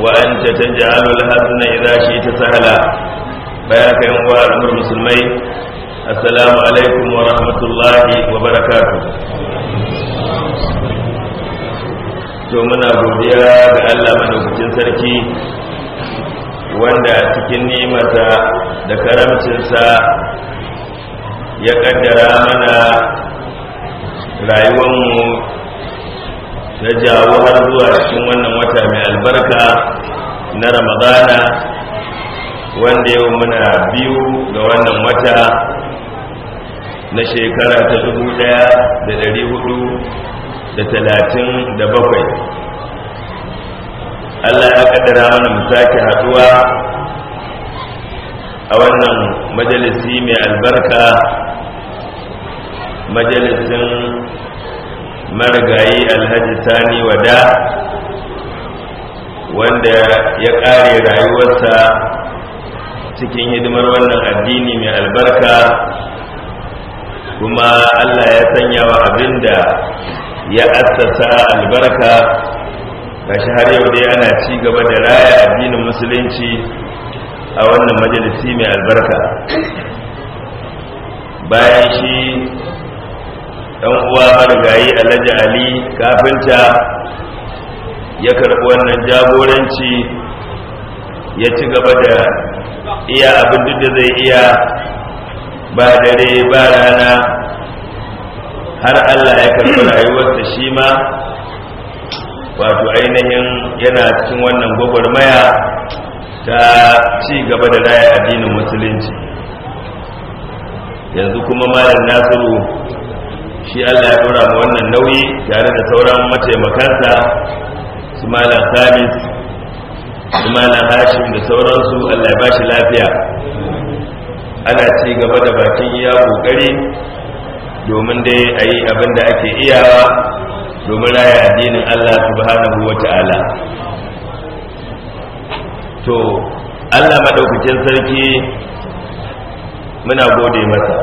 wa'ance ta ji alul hasna idza shi ta sahala baya ka yin wa al'ummar musulmai assalamu alaikum wa rahmatullahi wa barakatu to muna godiya ga Allah madaukakin sarki wanda cikin nimata da karamcinsa ya kaddara mana rayuwar mu. na jawo har zuwa cikin wannan wata mai albarka na ramadana wanda yau muna biyu ga wannan wata na shekara ta dubu ɗaya da dari hudu da talatin da bakwai allah ya kaddara mana mu sake haduwa a wannan majalisi mai albarka majalisin marigayi alhaji sani wada wanda ya ƙare rayuwarsa cikin hidimar wannan addini mai albarka kuma allah ya sanya wa abinda ya assasa albarka gashi har yau dai ana ci gaba da raya addinin musulunci a wannan majalisi mai albarka bayan shi dan uwa marigayi alhaji ali kafinta ya karbi wannan jagoranci ya ci gaba da iya abin da zai iya ba dare ba rana har allah ya karɓi rayuwarsa shi ma wato ainihin yana cikin wannan gwagwarmaya ta ci gaba da raya addinin musulunci yanzu kuma malam nasiru shi Allah ya ɗora ma wannan nauyi tare da sauran mataimakansa su mala sabis su mala hashim da sauransu Allah ya bashi lafiya ana ci gaba da bakin iya kokari domin dai a yi abin da ake iyawa domin raya addinin Allah subhanahu wa ta'ala to Allah maɗaukakin sarki muna gode masa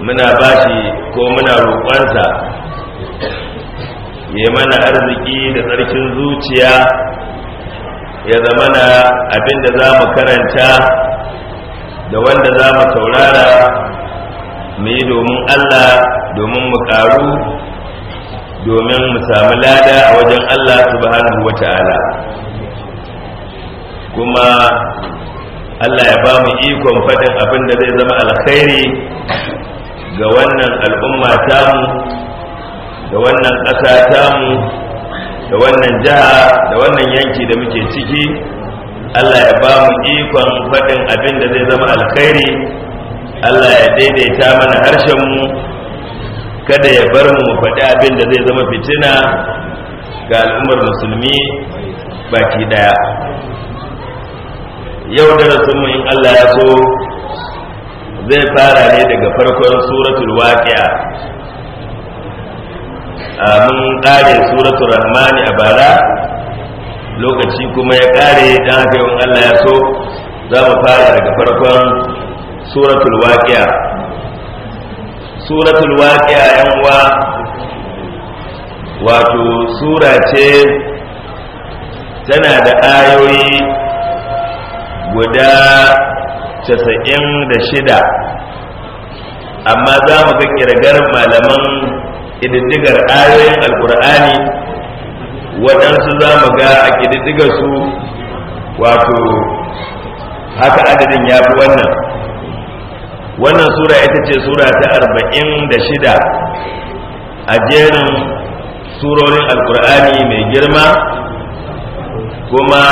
muna bashi ko muna roƙonsa ya mana arziki da tsarkin zuciya ya zama na abin da za mu karanta da wanda za mu saurara mu yi domin allah domin mu ƙaru domin mu samu lada a wajen allah subhanahu wa ta'ala kuma allah ya ba mu ikon faɗin abin da zai zama alkhairi ga wannan al'umma tamu da wannan ƙasa tamu da wannan jiha da wannan yanki da muke ciki Allah ya ba mu ikon faɗin abin da zai zama alkhairi Allah ya daidaita mana harshen mu kada ya bar mu faɗi abin da zai zama fitina ga al'ummar musulmi baki ɗaya yau mu in Allah ya so zai fara ne daga farkon suratul waqi'a mun kare suratul rahmani a bara lokaci kuma ya kare dan haka yawan Allah ya so za mu fara daga farkon suratul waqi'a suratul waqi'a yan uwa wato sura ce tana da ayoyi guda casa'in da shida amma za mu ga kirgar malaman ƙididdigar ayoyin alkur'ani waɗansu za mu ga a ƙididdigar su wato haka adadin ya fi wannan wannan sura ita ce sura ta arba'in da shida a jerin surorin alkur'ani mai girma kuma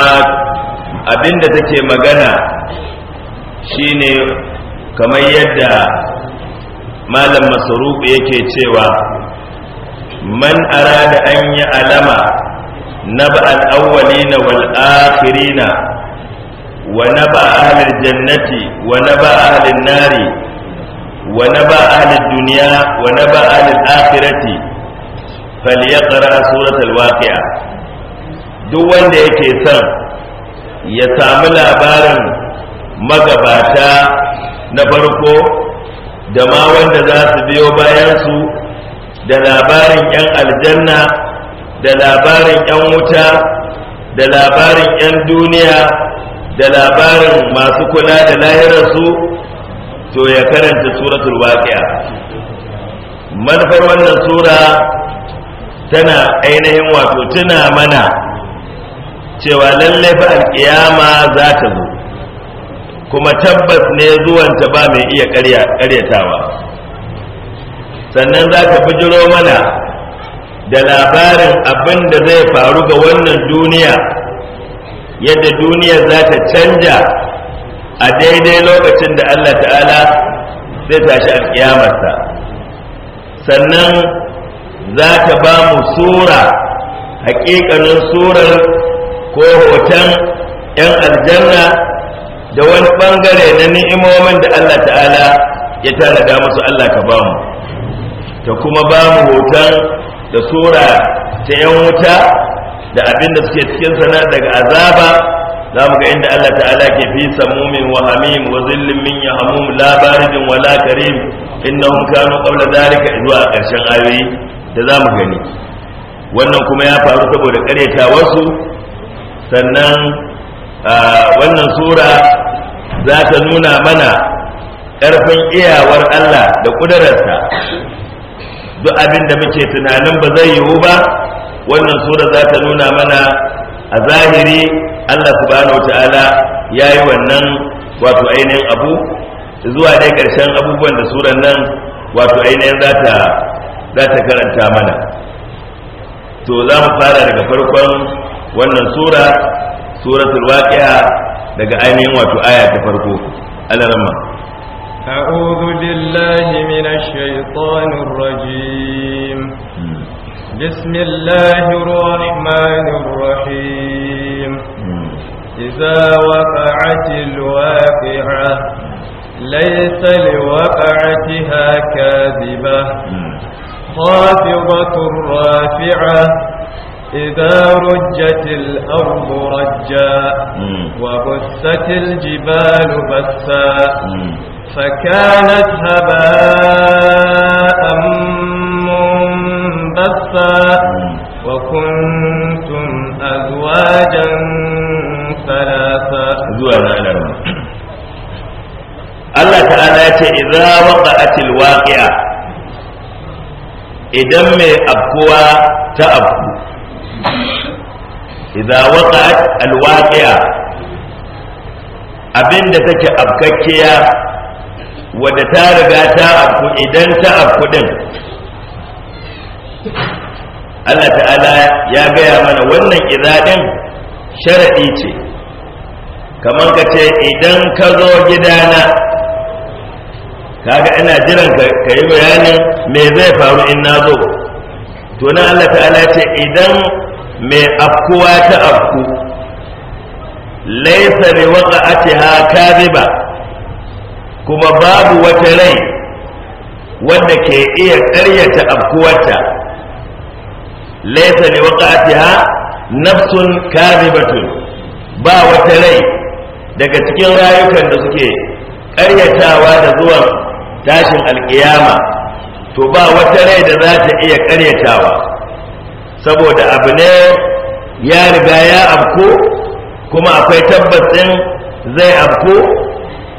abinda take magana shine kamar yadda malam masaruf yake cewa man arada an yi alama naba al-awwalina na akhirina ba a halin jannati wa naba ahlin nari wa naba ahlid dunya wa afirati ahlil akhirati falyaqra suratul duk wanda yake son ya samu labarin magabata na farko da ma wanda za su biyo bayansu da labarin 'yan aljanna da labarin 'yan wuta da labarin 'yan duniya da labarin masu kula da lahirarsu to ya karanta suratul waqi'a manufar wannan sura tana ainihin wato tuna mana cewa lallai fa alkiyama za ta zo kuma tabbas ne zuwanta ba mai iya karyatawa sannan za ka bijiro mana da labarin abin da zai faru ga wannan duniya yadda duniya za ta canja a daidai lokacin da Allah ta'ala zai tashi a kiyamarsa sannan za ta ba mu sura hakikanin surar ko hoton 'yan aljanna da wani bangare na ni'imomin da Allah ta'ala ya tanada musu Allah ka bamu ta kuma bamu hoton da sura ta yan wuta da abin da suke cikin sana daga azaba za mu ga inda Allah ta'ala ke fi samumin wa hamim wa zillin min ya hamum la baridin wa la karim innahum kanu qabla zalika zuwa karshen ayoyi da za mu gani wannan kuma ya faru saboda ƙaryata wasu sannan wannan sura za ta nuna mana ƙarfin iyawar Allah da ƙudurarsa duk abin da muke tunanin ba zai yiwu ba wannan sura za ta nuna mana a zahiri Allah subhanahu ta'ala ya yi wannan wato ainihin abu zuwa dai ƙarshen abubuwan da suran nan wato ainihin za ta karanta mana to za mu fara daga farkon wannan sura suratul waqi'a daga ainihin wato aya ta farko alarma a'udhu billahi minash shaitanir rajim bismillahir rahmanir rahim idza waqa'atil waqi'a laysa liwaqa'atiha kadhiba خافضة رافعة إذا رجت الأرض رجا وبثت الجبال بثا فكانت هباء منبسا وكنتم أزواجا ثلاثا الله تعالى إذا وقعت الواقعة إذا أبقوا تأبقوا idza waqa'at alwaqi'a abinda take afkakkiya wadda ta riga ta afku idan ta afku din Allah ta'ala ya gaya mana wannan idza din sharadi ce kamar ka ce idan ka zo gidana kaga ina jiran ka yi bayani me zai faru in na zo to Allah ta'ala ce idan mai afkuwa ta afku laisa bi waqa'atiha kadhiba kuma babu wata rai wanda ke iya ƙaryata afkuwarta laisa bi waqa'atiha nafsun kadhibatun ba wata rai daga cikin rayukan da suke ƙaryatawa da zuwan tashin alƙiyama to ba wata rai da za ta iya ƙaryatawa saboda abu ne ya riga ya afku, kuma akwai tabbacin zai afku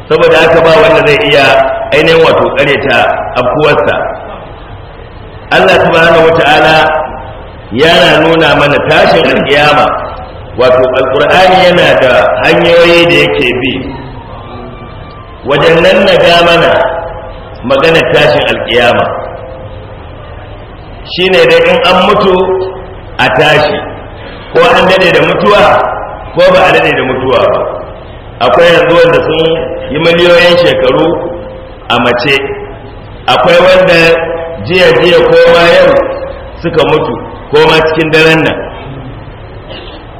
saboda haka ba wanda zai iya ainihin wato kareta abkuwarsa Allah subhanahu wata'ala yana nuna mana tashin alkiyama wato alkur'ani yana da hanyoyi da yake bi wajen nan na ga mana maganar tashin alkiyama shine dai in an mutu a tashi ko an dade da mutuwa ko ba a dade da mutuwa ba akwai yanzu wanda sun yi miliyoyin shekaru a mace akwai wanda jiya jiya ko bayan suka mutu ko ma cikin daren nan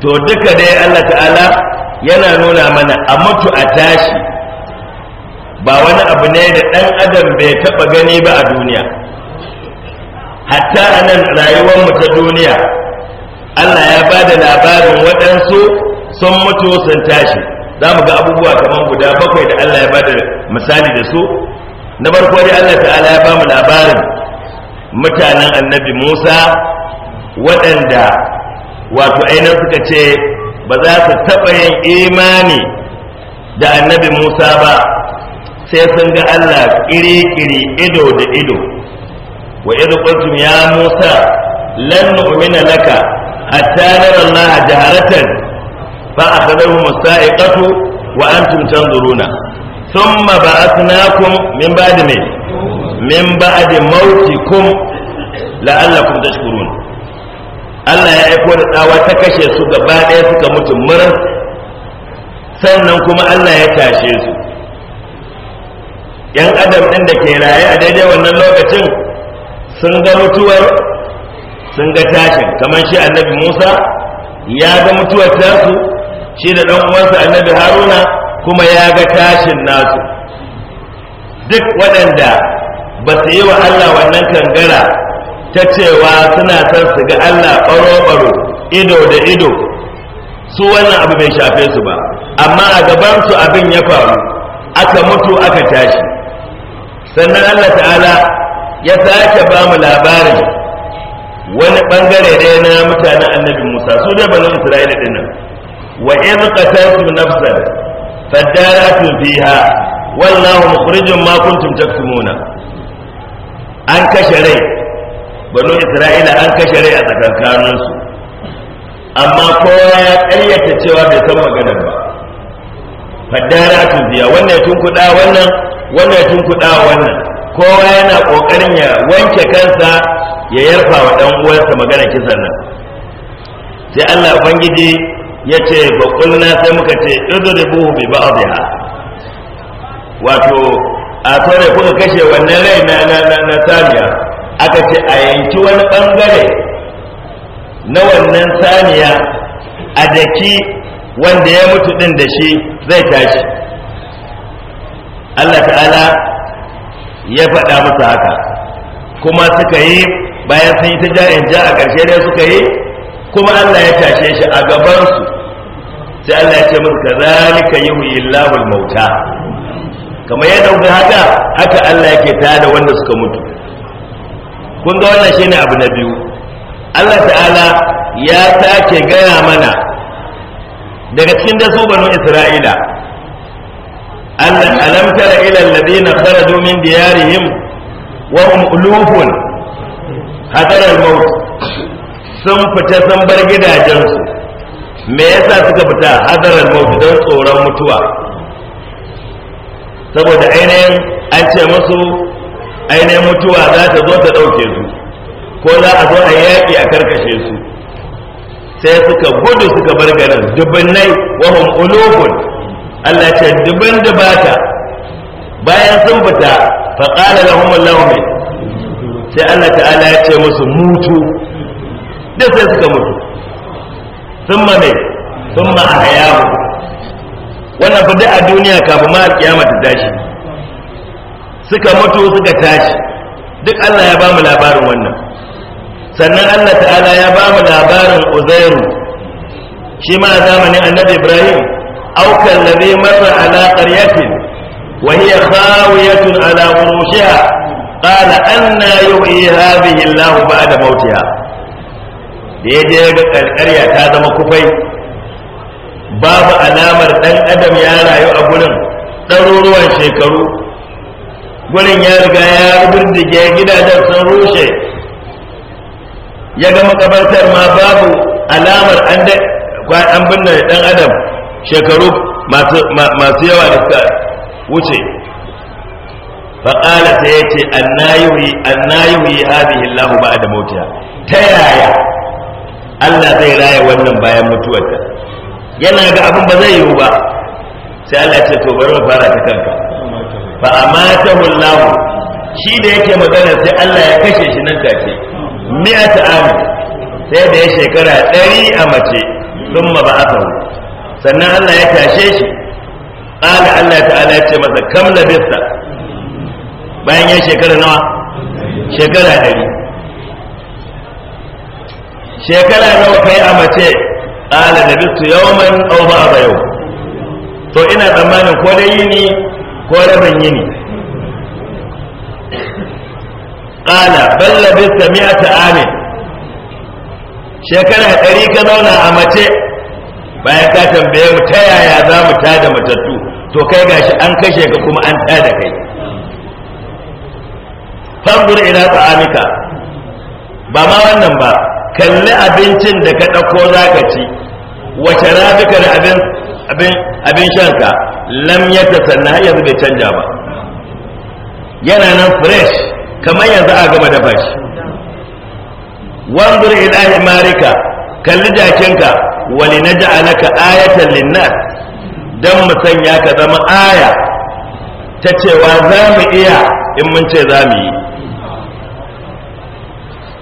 to duka dai Allah ta'ala yana nuna mana a mutu a tashi ba wani abu ne da ɗan adam bai taɓa gani ba a duniya hatta a nan mu ta duniya Allah ya ba da labarin waɗansu sun mutu sun tashi za mu ga abubuwa kamar guda bakwai da Allah ya ba da misali da su na farko dai Allah ta'ala ya ba mu labarin mutanen annabi Musa waɗanda wato ainihin suka ce ba za su taɓa yin imani da annabi Musa ba sai sun ga Allah kiri-kiri ido da ido wa idu ya Musa lan nu'mina laka hatta nara Allah jaharatan fa akhadhahum as-sa'iqatu wa antum tanzuruna thumma ba'athnakum min ba'di mai min ba'di mautikum la'allakum tashkurun Allah ya aiko da tsawa ta kashe su gaba ɗaya suka mutu murin sannan kuma Allah ya tashe su yan adam ɗin da ke raye a daidai wannan lokacin sun ga mutuwar sun ga tashin kamar shi annabi musa ya ga mutuwar tasu shi da ɗan uwansa annabi haruna kuma ya ga tashin nasu duk waɗanda ba su yi wa allah wannan kangara ta cewa suna son su ga allah ɓaro-ɓaro ido da ido su wannan abu bai shafe su ba amma a gabansu abin ya faru aka mutu aka tashi sannan allah ta'ala ya sake ba mu labarin wani bangare ne na mutanen annabi Musa su dai banu Isra'ila din nan wa in qatatu nafsan fadaratu fiha wallahu mukhrijum ma kuntum taktumuna an kashe rai banu Isra'ila an kashe rai a tsakankanin su amma kowa ya ƙaryata cewa bai san maganar ba fadaratu fiha wannan ya tunkuda wannan wannan ya tunkuda wannan kowa yana kokarin ya wanke kansa ya yarfa wa dan uwansa magana kisan nan sai Allah ubangiji ya ce ba kullana sai muka ce idribu bi ba'dha wato a tare kuka kashe wannan rai na na na, na saniya aka ce a yanki wani bangare na wannan saniya a daki wanda ya mutu din da shi zai tashi Allah ta'ala ya faɗa musu haka kuma suka yi bayan sun yi ta ja'in ja a ƙarshe dai suka yi kuma Allah ya tashe shi a su, sai Allah ya ce musu yi huyi lahul mauta kamar ya ɗauki haka haka Allah yake da wanda suka mutu kun ga wannan shine abu na biyu Allah ta'ala ya sake gaya mana daga cikin dasu banu Isra'ila alam tara ila alladhina kharaju min diyarihim wa hum ulufun hadar al sun fita sun bar gidajensu me yasa suka fita hadar al don tsoron mutuwa saboda ainihin an ce musu ainihin mutuwa za ta zo ta ɗauke su ko za a zo a yaƙi a karkashe su sai suka gudu suka bar garin dubbin nai wahum Allah ce duban da bata bayan sun fita faƙala lahum Allah mai sai Allah ta'ala ya ce musu mutu da sai suka mutu sun mai sun ma a hayahu wannan fa a duniya kafin ma alƙiyama ta tashi suka mutu suka tashi duk Allah ya ba mu labarin wannan sannan Allah ta'ala ya ba mu labarin uzairu shi ma zamanin annabi Ibrahim أو كالذي مر على قرية وهي خاوية على عروشها قال أنى يحيي هذه الله بعد موتها يجي القرية هذا مكفي babu alamar ɗan adam ya rayu a gurin ɗaruruwan shekaru gurin ya riga ya rubirdige gidajen sun rushe ya ga makabartar ma babu alamar an binne ɗan adam shekaru masu yawa da suka wuce faƙala ta ya ce a hadihi lahu ba da ta yaya Allah zai raya wannan bayan mutuwarta yana ga abin ba zai yiwu ba sai Allah ce to bari mu fara ta kanka fa amatahu Allah shi da yake magana sai Allah ya kashe shi nan take mi'ata am sai da ya shekara 100 a mace thumma ba'athahu sannan Allah ya tashe shi ƙala Allah ta'ala ya ce masa kam labista bayan ya shekara nawa shekara dari shekara nawa kai a mace ƙala man au ba a yau to ina tsammanin ko dai ni, ko yi ni. ƙala bal labista mi'ata amin shekara dari ka zauna a mace bayan ka tambaye mu ta yaya za mu ta da matattu to kai gashi an kashe ka kuma an ta da kai fanzur ila ta'amika ba ma wannan ba kalli abincin da ka ɗauko za ka ci wace rabika da abin abin abin shanka lam ya tasanna har yanzu bai canja ba yana nan fresh kamar yanzu a gama dafa shi wanzur ila himarika kalli jakinka Wani na ja'alaka ayatan linnas don mu sanya ka zama aya ta cewa za mu iya in mun ce za mu yi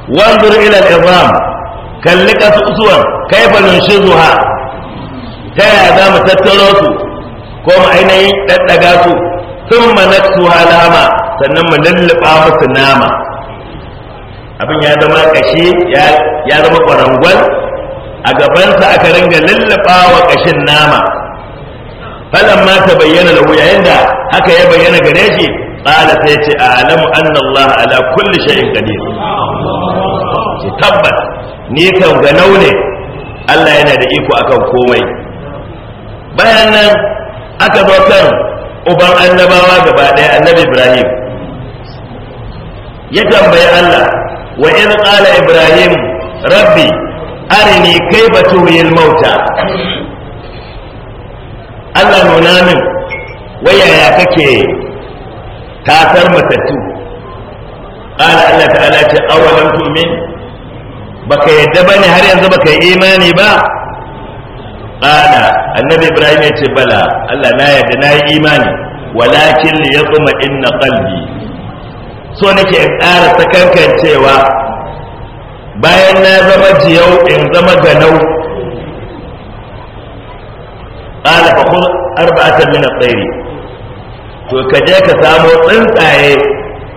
wanzur ila izam kalli kasusuwan shi zuwa?" ta yaya za mu tattaro su ko mu ainihin ɗaɗɗaga su sun su halama sannan mu lulluɓa musu nama abin ya zama ƙashi, ya zama kwarangwal a gabansa aka ringa lallaba wa kashin nama falan ma ta bayyana lahu yayin da haka ya bayyana gare shi qala sai ce a'lamu anna Allah ala kulli shay'in qadir ce tabbas ni kan ga naune Allah yana da iko akan komai bayan nan aka zo kan uban annabawa gaba ɗaya annabi Ibrahim ya tambayi Allah wa in qala Ibrahim rabbi arini kai ba tuhiyil mauta Allah nuna min wayaya kake tasar matattu ƙala Allah ta'ala ce Ba tu'min ka yadda ne har yanzu ba ka yi imani ba ƙala annabi ibrahim ya ce bala Allah na yadda na yi imani walakin ya yatma inna ƙalbi. so nake ƙara sakankan cewa bayan na zama jiyau in zama ganau ƙala fa kun arba'atan min tsairi to ka je ka samo tsuntsaye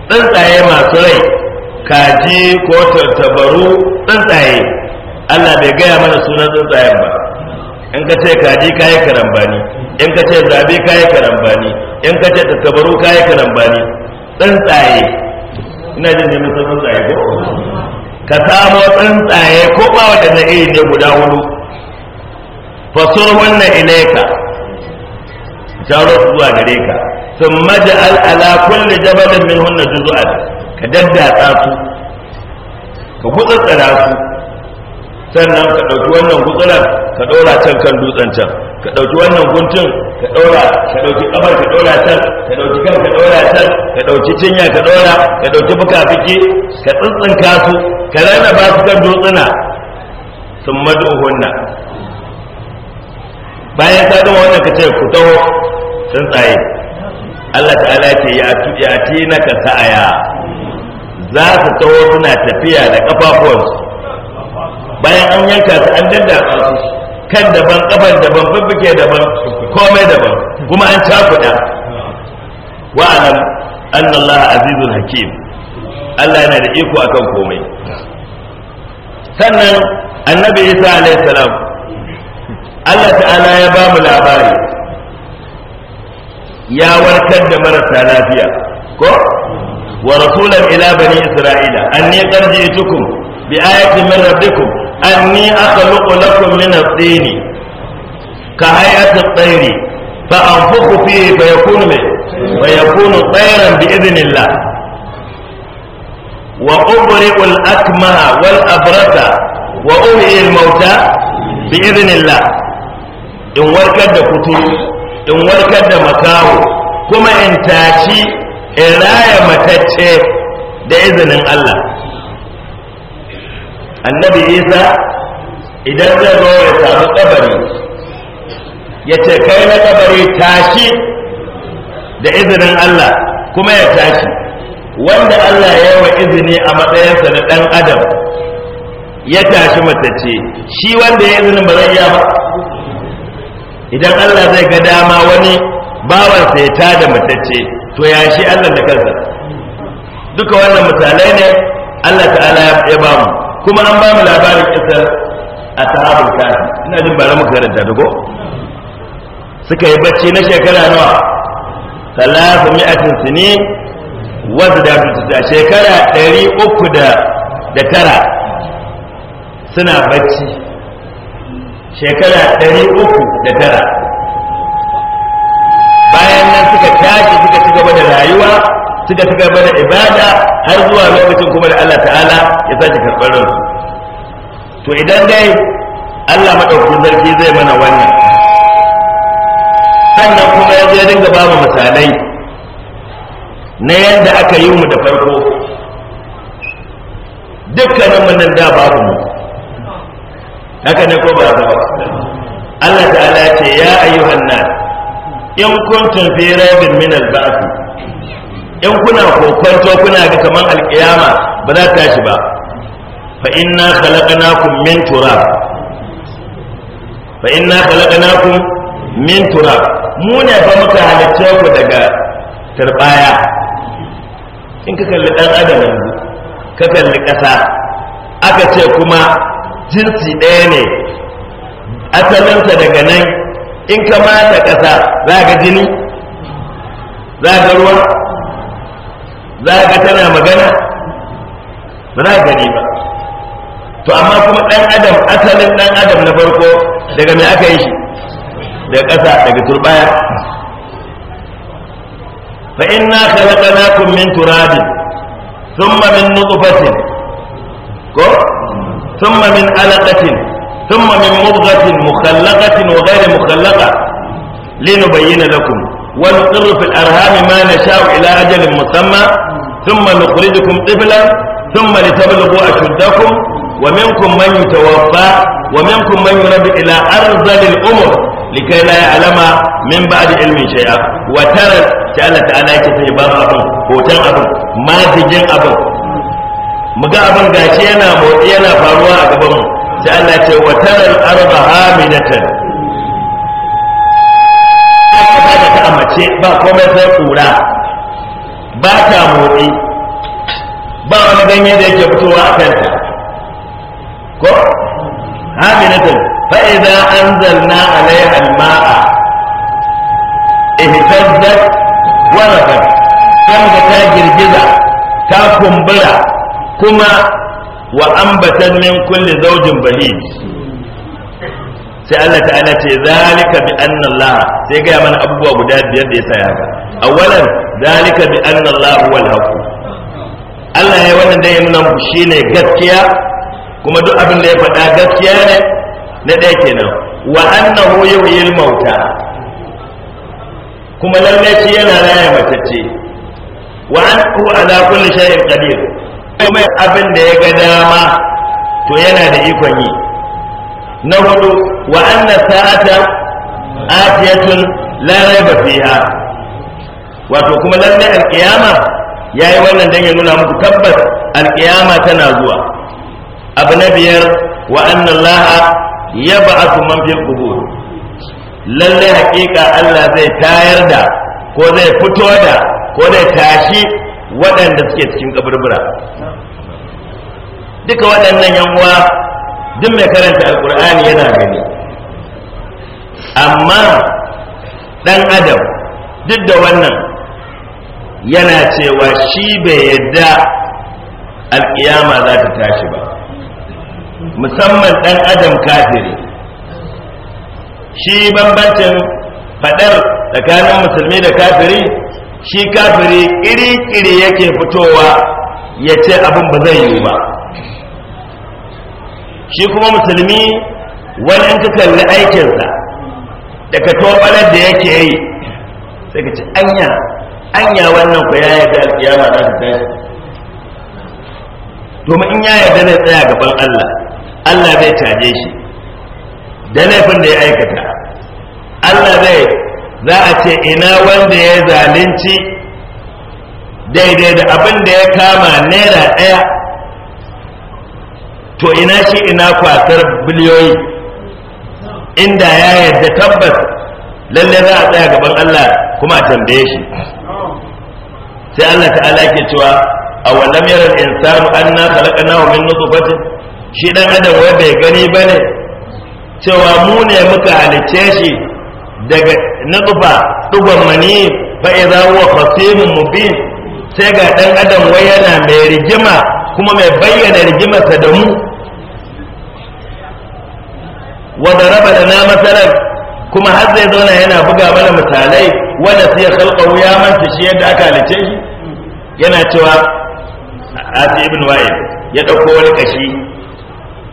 tsuntsaye masu rai kaji ko tattabaru tsuntsaye Allah bai gaya mana sunan tsuntsayen ba in ka ce kaji kayi karambani in ka ce zabe kayi karambani in ka ce tattabaru kayi karambani tsuntsaye ina jin da mutum tsuntsaye ko ka samo tsuntsaye ko ba waɗanda iri ne guda hudu fasur wannan ilaika jaro zuwa gare ka sun maja al'ala kulle jabalin min hunna juzu'an ka daddatsa su ka gutsatsara su sannan ka ɗauki wannan gutsunan ka ɗora can kan dutsen can ka ɗauki wannan guntun ka ɗora ka ɗauki ƙafar ka ɗora can ka ɗauki kan ka ɗora can ka ɗauki cinya ka ɗora ka ɗauki bukafiki ka tsintsinka su ka rana ba su kan dutsuna sun maduhunna bayan ka gama wannan ka ce ku taho tsuntsaye Allah ta'ala ce ya ati na ka sa'aya za su taho suna tafiya da ƙafafuwansu bayan an yanka su an danda a kan daban kafan daban babbuke daban komai daban kuma an cakuɗa wa alam annallaha azizul hakim Allah yana da iko akan komai sannan annabi isa alayhi salam Allah ta'ala ya ba mu labari ya warkar da marasa lafiya ko wa rasulan ila bani isra'ila anni qad ji'tukum bi ayatin min rabbikum anni akhluqu lakum min at-tin ka hay'ati at-tayr fa anfukhu fihi fa yakunu wa yakunu tayran bi idhnillah wa ubri'u al-akmaha wal abrata wa uhyi al bi idhnillah in warkar da kuturu in warkar da makaho kuma in taci in raya matacce da izinin Allah annabi isa idan zai zo ya samu kabari ya ce kai na kabari tashi da izinin Allah kuma ya tashi wanda Allah ya yi wa izini a matsayinsa na ɗan adam ya tashi matacce shi wanda ya izinin ba zai iya ba idan Allah zai ga dama wani bawansa ya tada matacce to ya shi Allah da kansa duka wannan misalai ne Allah ta'ala ya ba mu kuma an ba mu labarin kisar a sahabin kafi ina jin bara muka yarda da ko suka yi bacci na shekara nawa talata mi'atin sini wadda da tuta shekara ɗari uku da tara suna bacci shekara ɗari uku da tara bayan nan suka tashi suka ci gaba da rayuwa suka ci gaba da ibada har zuwa lokacin kuma da Allah ta'ala ya sake karɓar ransu to idan dai Allah maɗaukakin sarki zai mana wannan sannan kuma ya je dinga ba mu misalai na yadda aka yi mu da farko dukkanin mu da babu mu haka ne ko ba ba Allah ta'ala ce ya ayyuhan nas in kuntum fi raibin min al-ba'th in kuna kokonto kuna ga kaman alkiyama ba za ta shi ba fa inna khalaqnakum min turab fa inna khalaqnakum min turab mu ne ba muka halitta ku daga turbaya in ka kalli dan adam yanzu ka kalli kasa aka ce kuma jinsi ɗaya ne asalinsa daga nan in ka mata kasa za ga jini za ga ruwa za ka tana magana ba za gani ba to amma kuma dan adam asalin dan adam na farko daga mai aka yi shi daga ƙasa daga turbaya fa inna khalaqnakum min turabin thumma min nutfatin ko thumma min alaqatin thumma min mudghatin mukhallaqatin wa ghayri mukhallaqa linubayyana lakum ونقر في الأرهام ما نشاء إلى أجل مسمى ثم نخرجكم طفلا ثم لتبلغوا أشدكم ومنكم من يتوفى ومنكم من يرد إلى أرذل الأمر لكي لا يعلم من بعد علم شيئا وترى تعالى تعالى يكفي بار أبو وتن أبو ما abin muga abin gashi yana motsi yana faruwa a gabanmu sai Allah aka bada ta amace ba komai sai kura ba ta motsi ba wani ganye da yake fitowa a kanta ko haminatan fa idza anzalna alaiha alma'a ihtazzat wa rafat kanga ta girgiza ta kumbura kuma wa ambatan min kulli zawjin bahij sai Allah ta'ala ce zalika bi anna Allah sai ga mana abubuwa guda biyar da ya saya ga awalan zalika bi anna Allah huwal haqq Allah ya wannan da ya nuna muku shine gaskiya kuma duk abin da ya faɗa gaskiya ne na ɗaya kenan wa annahu yuhyil mauta kuma lalle shi yana raya matacce wa annahu ala kulli shay'in qadir kuma abin da ya ga dama to yana da ikon yi na hudu wa anna sa'ata atiyatun la raiba fiha wato kuma lalle alkiyama yayi wannan dan ya nuna muku tabbas alkiyama tana zuwa abu na biyar wa anna allah yab'athu man fil qubur lalle haqiqa Allah zai tayar da ko zai fito da ko zai tashi waɗanda suke cikin kaburbura duka waɗannan yan uwa duk mai karanta alkur'ani yana gani amma dan adam duk da wannan yana cewa shi bai yadda alkiyama za ta tashi ba musamman dan adam kafiri shi bambancin fadar tsakanin musulmi da kafiri shi kafiri iri-iri yake fitowa ya ce abin ba zai yi ba shi kuma musulmi wani in ta kalli aikinsa daga tobalar da yake yi sai ka ci anya anya wannan ku ya yarda alkiyama za ta tashi domin in ya yarda zai tsaya gaban Allah Allah zai caje shi da laifin da ya aikata Allah zai za a ce ina wanda ya zalunci daidai da abin da ya kama naira ɗaya to ina shi ina kwasar biliyoyi inda ya yadda tabbas lalle za a tsaya gaban Allah kuma a tambaye shi sai Allah ta'ala ke cewa a wannan yaran insanu na khalaqnahu min nutfatin shi dan adam wai bai gani bane cewa mu ne muka halice shi daga nutfa dugon mani fa idza huwa khasimun mubin sai ga ɗan adam wai yana mai rigima kuma mai bayyana rigimarsa da mu raba da na masarar kuma har zai zauna yana buga mana misalai wanda sai ya khalqahu wuya manta shi yadda aka halice shi yana cewa ce ibn ya ɗauko wani ƙashi?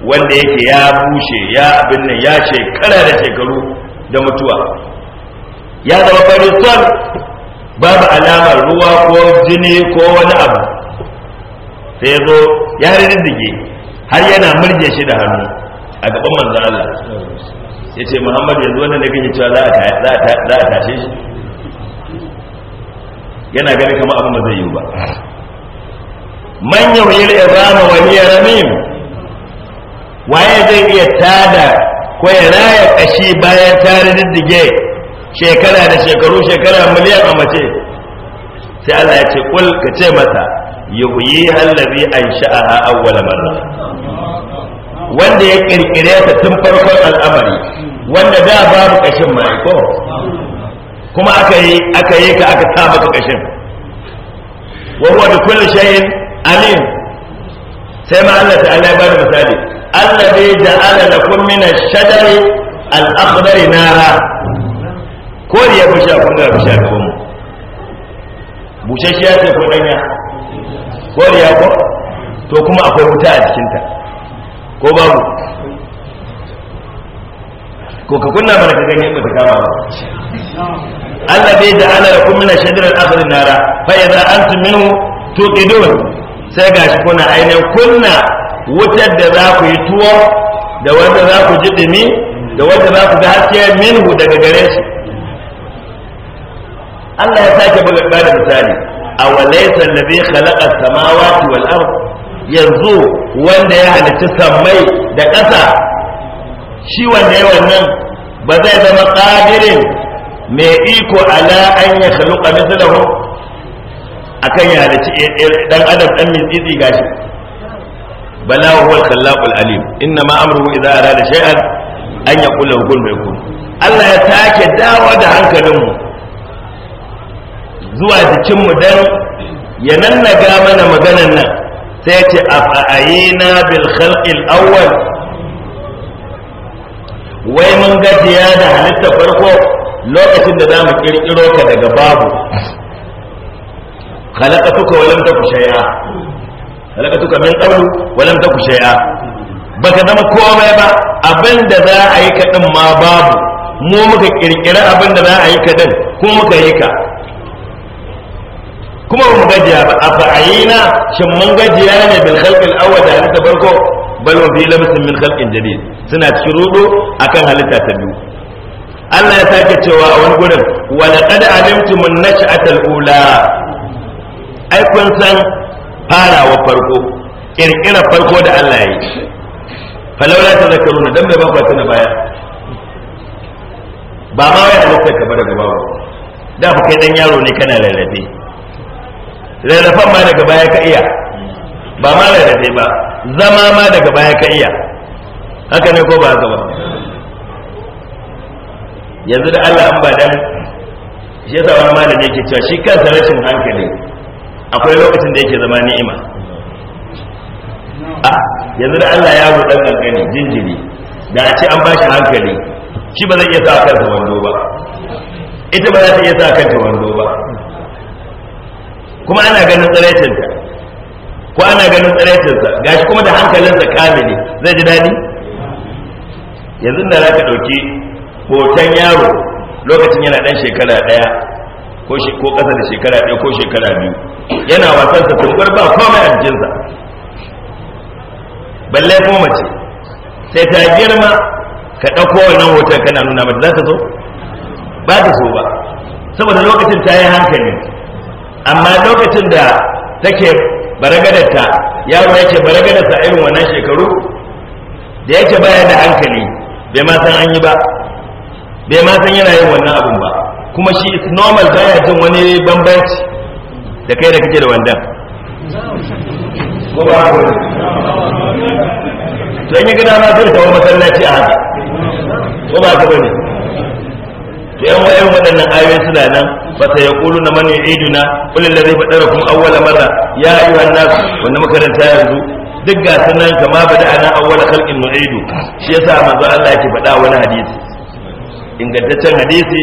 wanda yake ya bushe ya abin nan ya shekara da shekaru da mutuwa ya zama son babu alamar ruwa ko jini ko wani abu sai ya zo ya rindige har yana murje shi da hannu a gaban manzan Allah ya ce muhammadu yanzu wannan da kake cewa za a tashe shi yana gani kama abin da zai yi ba man ya zama wa ya Ramin, waye zai iya tada ko ya raya kashi bayan tare diddige shekara da shekaru shekara miliyan a mace sai Allah ya ce kul ka ce mata yuhyi allazi ansha'aha awwal marra wanda ya kirkire ta tun farkon al'amari wanda da babu kashin ma ko kuma aka yi aka yi ka aka sa ka kashin wa huwa bi kulli shay'in alim sai ma Allah ta'ala ya bada misali allazi ja'ala lakum min ash-shajari al akhdar nara ko da ya bushe kun ga bushe ko mu bushe shi ya ce ko danya ko ya ko to kuma akwai wuta a cikin ta ko babu ko ka kunna mana ka gani ba kama ba Allah bai da ala kun mina ash al-akhir nara fa idza antum minhu tuqidun sai shi kuna ainihin kunna wutar da za ku yi tuwo da wanda za ku ji dumi da wanda za ku ga haske minhu daga gare shi Allah ya sake buga da misali awalaysa alladhi khalaqa samawati wal ardh yanzu wanda ya halicci sammai da ƙasa shi wanda ya wannan ba zai zama ƙadirin mai iko ala an ya kaluka misalahu akan ya halicci dan adam dan mitsitsi gashi bala huwa al-khallaqul alim inna ma amruhu idza arada shay'an an yaqul lahu kun fayakun Allah ya take dawo da hankalinmu zuwa jikinmu dan ya nannaga mana maganar nan sai ce afa'ayina na khalqil awwal wai mun gajiya da halitta farko lokacin da za mu ƙirƙiro ka daga babu khalaqatuka wa lam taku shay'a tuka min qablu wa lam taku shay'a baka zama komai ba abinda za a yi kadin ma babu mu muka kirkira abinda za a yi kadin kuma muka yi ka kuma mun gajiya ba a fa'ayina shin mun gajiya ne bil khalqil awwal da halitta farko bal wa fi lamsin min khalqin jadid suna cikin rudo akan halitta ta biyu Allah ya sake cewa a wani gurin wa laqad alimtum an-nash'ata al-ula ai kun san farawa farko kirkira farko da Allah ya yi falaula tazakkaruna dan bai ba ku tuna baya ba ma wai halitta ka bar gaba ba da ku kai dan yaro ne kana lalabe rarrafan ma daga baya ka iya ba ma rarrafe ba zama ma daga baya ka iya haka ne ko ba haka ba yanzu da Allah an ba dan shi yasa wani malami yake cewa shi kansa rashin hankali akwai lokacin da yake zama ni'ima a ah, yanzu da Allah ya dan kankani jinjiri da a ce an ba shi hankali shi ba zai iya sa kansa wando ba ita ba za ta iya sa kanta wando ba kuma ana ganin tsiraitinta ko ana ganin tsiraitinsa gashi kuma da hankalinsa kamili zai ji daɗi yanzu da za ka ɗauki hoton yaro lokacin yana ɗan shekara ɗaya ko ƙasa da shekara ɗaya ko shekara biyu yana wasansa tumbar ba komai a jikinsa balle kuma mace sai ta girma ka ɗauko wannan hoton kana nuna mata za ta zo ba ta so ba saboda lokacin ta yi hankali amma lokacin da take baragadarta yaro yake baragadarsa irin wannan shekaru da yake baya da hankali bai ma san an yi ba bai ma san yana yin wannan abin ba kuma shi is normal ya jin wani bambanci da kai da kake da wandan to in yi gida ma zai tawo masallaci a haka ko ba ka ne? to yan wayan waɗannan ayoyi suna nan ba ta yaƙulu na mani iduna, kullum da zai alladhi kuma awwala marra ya ayyuhan nas wanda makaranta yanzu duk ga sanan kama bada ana awwala khalqin nu'idu shi yasa manzo Allah yake faɗa wani hadisi ingantaccen hadisi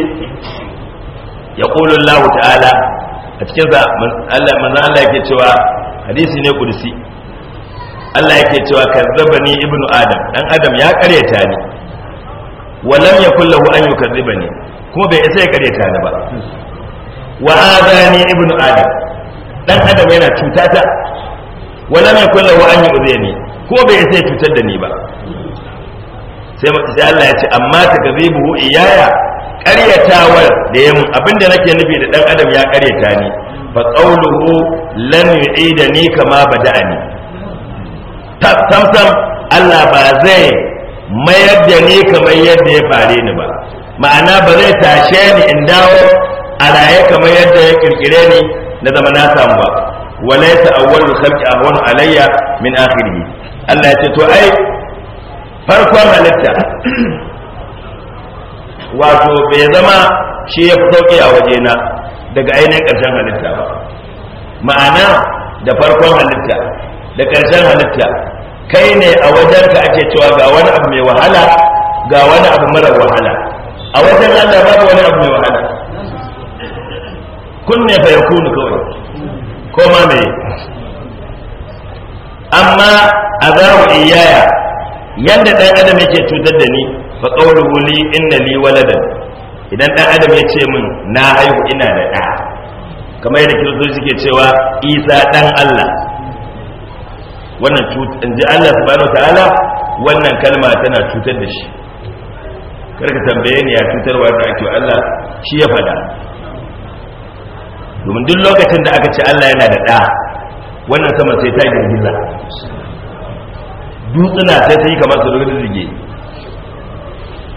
yaqulu Allah ta'ala a cikin sa Allah manzo Allah yake cewa hadisi ne kursi Allah yake cewa kazzabani ibnu adam dan adam ya ƙaryata ni ولم يكن له ان يكذبني kuma bai isa ya karyata ni ba wa azani ibnu adam dan adam yana cuta ta wala mai kullu wa an yu'zini ko bai isa ya cutar da ni ba sai Allah ya ce amma ta gazibu iyaya karyatawar da yamin abinda nake nufi da dan adam ya karyata ni fa qawluhu lan yu'idani kama bada'ani tam tam Allah ba zai mayar da ni kamar yadda ya fare ni ba ma'ana ba zai tashe ni in dawo a raye kamar yadda ya kirkire ni na zama na samu ba walaysa awwalul khalqi ahwan alayya min akhirih Allah ya ce to ai farkon halitta wato bai zama shi ya fi sauƙi a wajena daga ainihin ƙarshen halitta ba ma'ana da farkon halitta da ƙarshen halitta kai ne a wajenka ake cewa ga wani abu mai wahala ga wani abu mara wahala a wajen Allah babu wani abu mai wahala Kun ne fa kunu kawai ko ma me amma a za mu iyaya yanda dan adam yake cutar da ni fa qawluhu li inna li waladan idan dan adam ya ce min na haihu ina da ɗa kamar yadda kiristoci ke cewa isa dan Allah wannan cutar in ji Allah subhanahu wa ta'ala wannan kalma tana cutar da shi karka tambaye ni ya cutarwa da ake Allah shi ya fada domin duk lokacin da aka ce Allah yana da ɗa wannan sama sai ta girgiza dutsuna sai ta yi kamar su rugu rige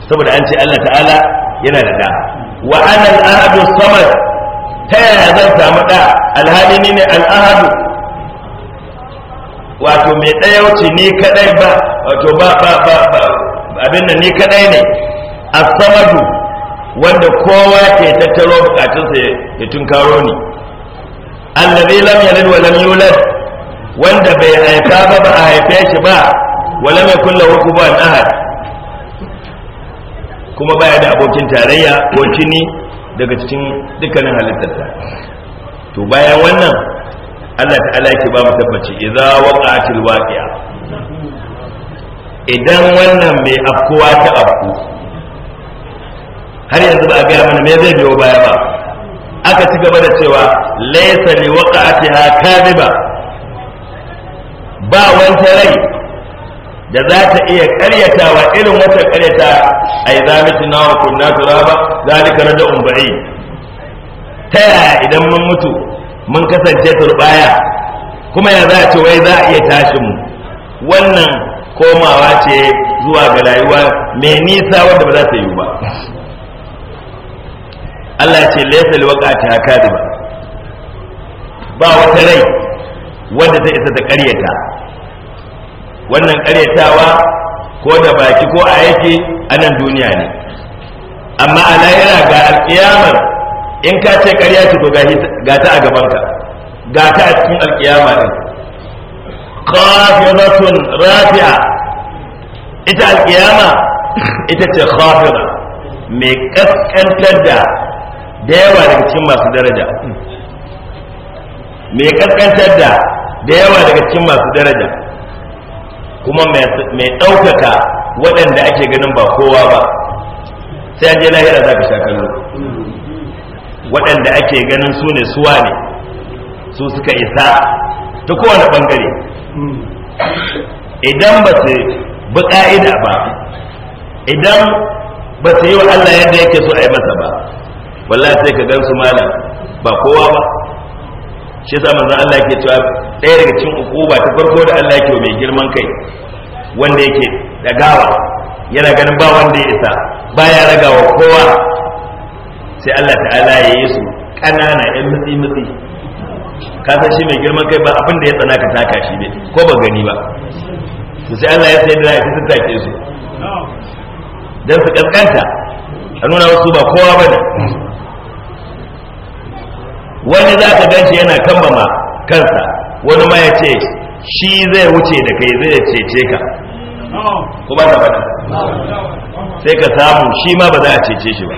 saboda an ce Allah ta'ala yana da ɗa wa anal ahadu samad ta yaya zan samu ɗa alhali ni ne al'ahadu wato mai ɗaya wuce ni kaɗai ba wato ba ba ba abin nan ni kaɗai ne asamadu samadu wanda kowa ke tattaro bukatunsa ya tunkaro ni annabi lam yalid wa lam yulad wanda bai haifa ba ba a haife shi ba wa lam yakul lahu ahad kuma baya da abokin tarayya ko kini daga cikin dukkanin halittarsa to bayan wannan Allah ta'ala yake ba mu tabbaci idza waqa'atil waqi'a idan wannan mai afkuwa ta afku har yanzu ba a gaya mana me zai biyo baya ba aka ci gaba da cewa laysa li waqa'atiha kadiba ba wata rai da za ta iya wa irin wata karyata ai za mutu na wa kunna turaba zalika rad'un ba'i ta yaya idan mun mutu mun kasance turbaya kuma ya za a ce wai za a iya tashi mu wannan komawa ce zuwa ga rayuwa mai nisa wanda ba za ta yi ba Allah ya ce laysa liwaqati hakadiba ba wata rai wanda zai isa ta ƙaryata wannan ƙaryatawa ko da baki ko a yake a nan duniya ne amma a lahira ga alƙiyamar in ka ce ƙarya ce to ga ta a gabanka ga ta a cikin alƙiyama ɗin khafiratun rafi'a ita alƙiyama ita ce khafira mai kaskantar da da yawa daga cikin masu daraja mai kankantar da da yawa daga cikin masu daraja kuma mai ɗaukaka waɗanda ake ganin ba kowa ba sai an je lahira za ka sha kallo waɗanda ake ganin su ne suwa ne su suka isa ta kowane ɓangare idan ba su bi ƙa'ida ba idan ba su yi wa Allah yadda yake so a yi masa ba wallahi sai ka su malam ba kowa ba shi yasa manzon Allah yake cewa ɗaya daga cikin ukuba ta farko da Allah yake mai girman kai wanda yake dagawa yana ganin ba wanda ya isa baya ragawa kowa sai Allah ta'ala ya yi su ƙanana ƴan mutsi mutsi ka san shi mai girman kai ba abin da ya tsana ka taka shi ne ko ba gani ba to sai Allah ya sai da ya ke su dan su kaskanta a nuna wasu ba kowa ba ne. wani za ka ganshi yana kambama kansa wani ma ya ce shi zai wuce da kai zai cece ka kuma ba ta faɗa sai ka samu shi ma ba za a cece shi ba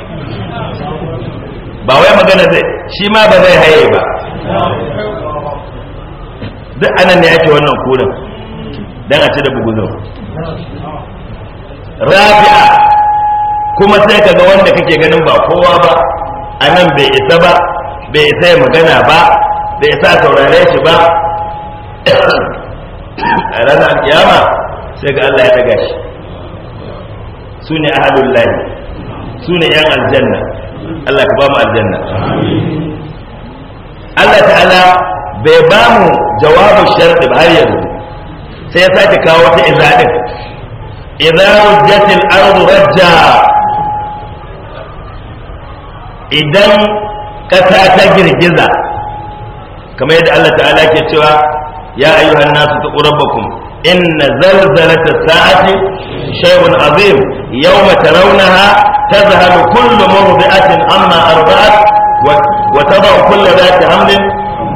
ba wai magana zai shi ma ba zai haye ba duk anan ne ake wannan kurin don a ci da bugu zau. rafi'a kuma sai ka ga wanda kake ganin ba kowa ba a nan bai isa ba bai sai magana ba bai sa saurare shi ba a ranar kiyama sai ga Allah ya daga shi su ne ahalun layi su ne yan aljanna Allah ka ba mu aljanna Allah ta'ala bai ba mu jawabin sharɗi ba har yanzu sai ya sake kawo wata izadin idza rujjatil ardu rajja idan kasa ta girgiza kamar yadda Allah ta'ala ke cewa ya ayyuhan nasu taqu rabbakum inna zalzalata sa'ati shay'un azim yawma tarawnaha tadhhabu kullu murdi'atin amma arba'at wa tad'u kullu dhati hamlin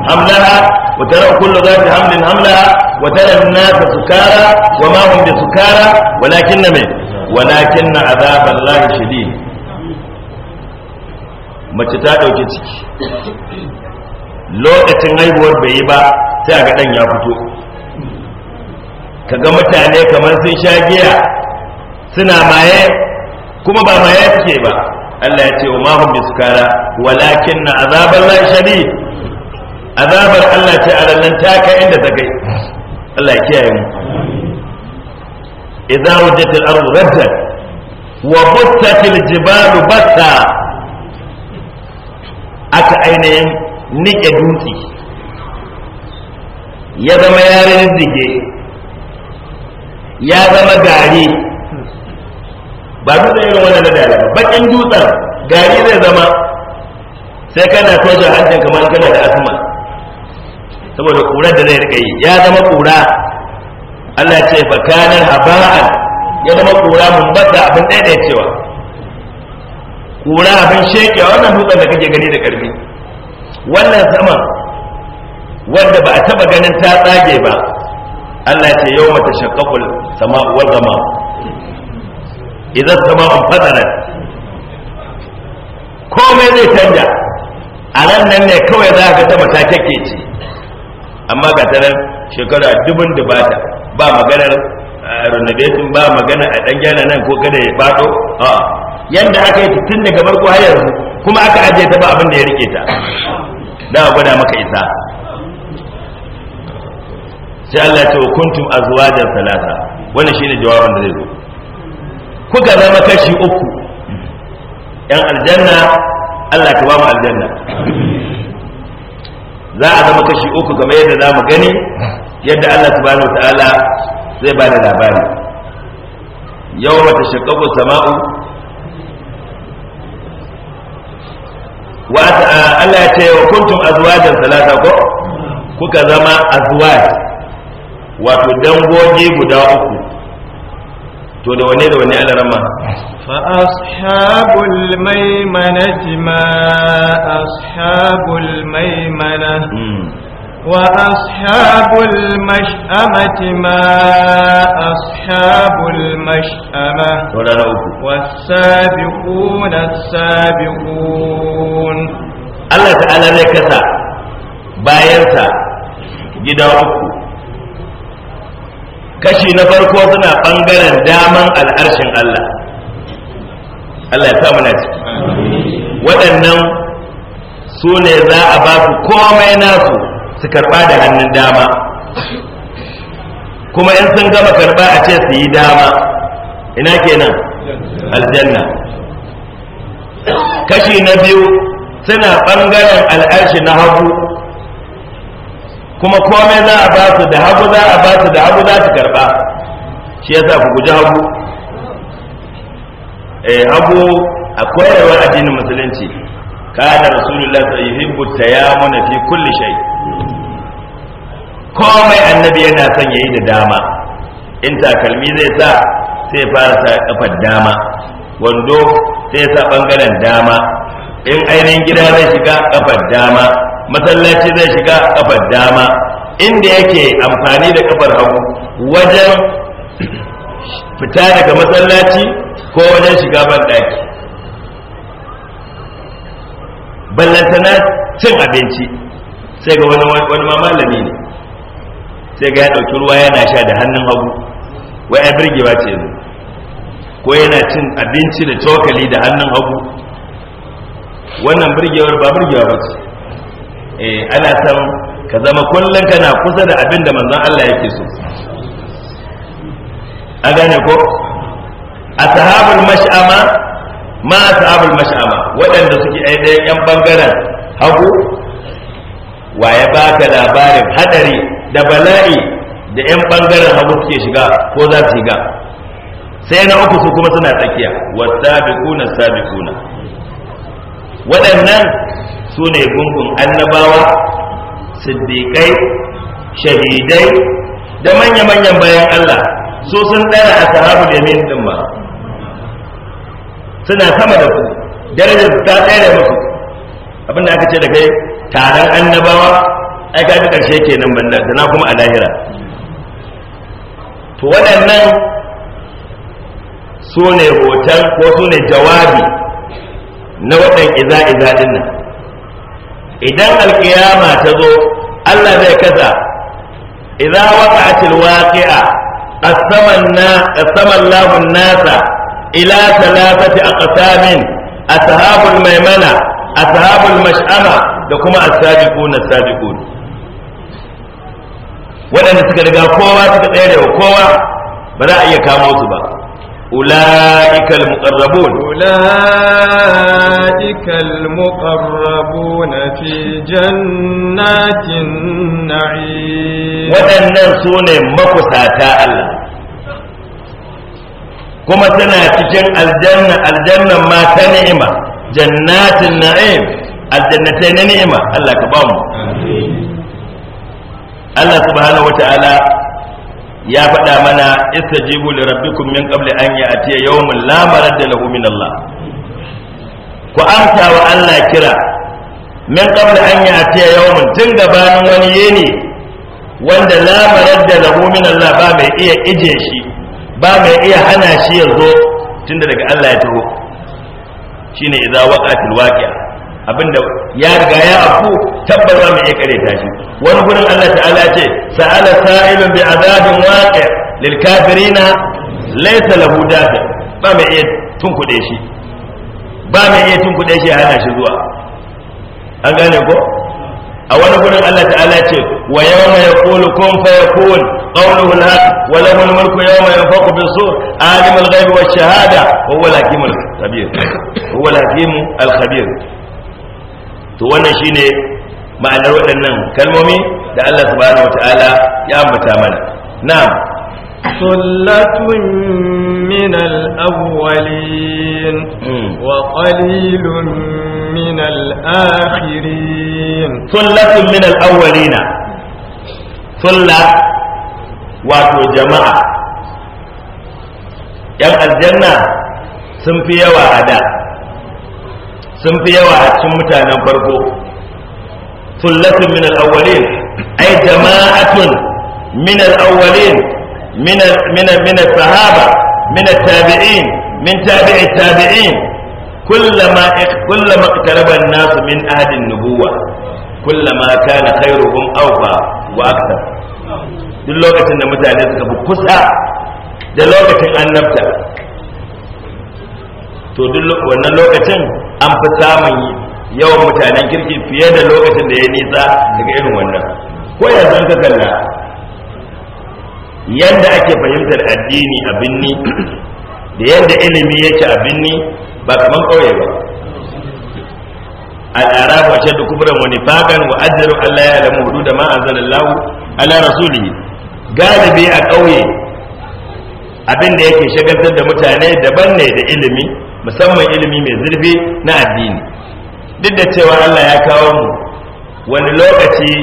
hamlaha wa tara kullu dhati hamlin hamlaha wa tara an nasu sukara wa ma hum bisukara walakinna min walakinna 'adhaballahi shadid mace ta ɗauki ciki lokacin haihuwar bai yi ba sai ga ɗan ya fito kaga mutane kamar sun sha giya suna maye kuma ba maye suke ba Allah ya ce wa ma hum bisukara walakin na azabar la azabar Allah ce a nan taka inda ta kai Allah ya kiyaye mu idza wajjatil ardu radda wa buttatil jibalu batta aka ainihin nike dutse ya zama yarin zige ya zama gari ba su da irin wannan da ba bakin dutsen gari zai zama sai kana toshe hancin kamar kana da asma saboda ƙurar da zai rika yi ya zama ƙura Allah ce fa kana haba'an ya zama ƙura mun bada abin daidai cewa kura abin sheke wannan dutsen da kake gani da karfi wannan sama wanda ba a taba ganin ta tsage ba Allah ce yau mata shakakul sama uwar zama. idan sama an fadarar komai zai canja a nan nan ne kawai za ka sama ta take ci amma ga tarar shekara dubun dubata ba maganar eh, a ba magana a ɗan gyara nan ko kada ya fado a'a yadda aka yi tun daga farko har yanzu kuma aka ajiye ta ba abin da ya rike ta da gwada maka isa sai Allah ya ce kuntum azwajan salasa wannan shine jawabin da zai zo kuka zama kashi uku yan aljanna Allah ka ba mu aljanna za a zama kashi uku kamar yadda za mu gani yadda Allah subhanahu ta'ala zai ba da labari yawma tashaqqaqu sama'u wa Allah ya ce wa kuntum azwajan salata ko kuka zama azwaj wato dangogi guda uku to da wane da wane Allah rama fa ashabul maimanati ma ashabul maimana hmm. وأصحاب المشأمة ما أصحاب المشأمة والسابقون السابقون الله تعالى نكسا bayansa gida uku kashi na farko suna ɓangaren daman al'arshin Allah Allah ya sa muna ciki waɗannan sune za a basu su komai nasu su karba da hannun dama kuma in sun gama karba a ce su yi dama ina kenan aljanna kashi na biyu suna bangaren al'arshi na hagu kuma komai za a ba su da hagu za a ba su da hagu za su karba shi yasa ku guji hagu eh hagu a koyarwar addinin musulunci kana rasulullahi yuhibbu tayamuna fi kulli shay' komai annabi yana son yayi da dama in takalmi zai sa sai fara sa kafar dama wando sai sa bangaren dama in ainihin gida zai shiga kafar dama masallaci zai shiga kafar dama inda yake amfani da kafar hagu wajen fita daga masallaci ko wajen shiga banɗaki ballantana cin abinci sai ga wani ma malami ne sai ga ya ɗauki ruwa yana sha da hannun hagu wai ya birgewa ce ko yana cin abinci da cokali da hannun hagu wannan birgewar ba birgewa ba ce eh ana san ka zama kullum kana kusa da abin da manzon Allah yake so a gane ko ashabul mash'ama ma ashabul mash'ama waɗanda suke ai ɗayan bangaren hagu wa ya baka labarin hadari da bala'i da 'yan bangaren hagu suke shiga ko za su shiga sai na uku su kuma suna tsakiya sabikuna sabikuna waɗannan su ne gungun annabawa siddiƙai shahidai da manya-manyan bayan Allah su sun ɗara a sahabu da min ɗin ba suna sama da ku darajar ta ɗaya musu abinda aka ce da kai taron annabawa ai ka karshe kenan banda na kuma a lahira to waɗannan su ne hoton ko su ne jawabi na waɗan iza-iza nan idan alkiyama ta zo allah zai kasa idan wata a waƙi'a ƙasaman lahun nasa ila talatati a ƙasamin ashabul maimana ashabul mash'ama da kuma as-sabiquna as-sabiqun waɗanda suka riga kowa suka tsere kowa ba za a iya kamo su ba أولئك المقربون أولئك المقربون في جنات النعيم وأنن سونة مكساتا الله كما سنة الجنة الجنة ما تنعمه jannatin na'im aljannatai na ni'ima Allah ka bamu mu Allah subhanahu wata'ala ya faɗa mana istajibu li rabbikum min qabli an ya'tiya yawmun la maradda lahu min Allah ku amsa wa Allah kira min qabli an ya'tiya yawmun tun gabanin wani yini wanda la maradda lahu min Allah ba mai iya ije shi ba mai iya hana shi ya zo tunda daga Allah ya taho shine idza waqatil waqi'a abinda ya riga ya afku tabbar za mu iya kare ta shi wani gurin Allah ta'ala ce sa'ala sa'ilun bi adabin waqi' lil kafirina laysa lahu dafi ba mai iya tunkude shi ba mai iya tunkude shi hana shi zuwa an gane ko a wani gurin Allah ta'ala ce wa yawma yaqulu kun yaqul قوله الحق وله الملك يوم ينفق بالصور عالم الغيب والشهادة هو الحكيم الخبير هو الحكيم الخبير to wannan shine ma'anar waɗannan kalmomi da Allah subhanahu wataala ya ambata mana na'am sullatun min al-awwalin wa qalilun min al-akhirin wato jama'a yan aljanna sun fi yawa a da sun fi yawa a cikin mutanen farko sullatun min al-awwalin ay jama'atun min al-awwalin min min sahaba min tabi'in min tabi'i tabi'in kullama kullama iqtaraba an-nas min ahli an-nubuwah kullama kana khayruhum awfa wa duk lokacin da mutane suka fi kusa da lokacin annabta to duk wannan lokacin an fi samun yawan mutanen kirki fiye da lokacin da ya nisa daga irin wannan ko ya san ka kalla yadda ake fahimtar addini a binni da yadda ilimi yake a binni ba kamar ƙauye ba A al'arab wa da kubura wa nifaqan wa ajru alla ya'lamu hudud da anzalallahu ala rasulihi. galibi a ƙauye abin da yake shagaltar da mutane daban ne da ilimi musamman ilimi mai zurfi na addini duk da cewa Allah ya kawo mu wani lokaci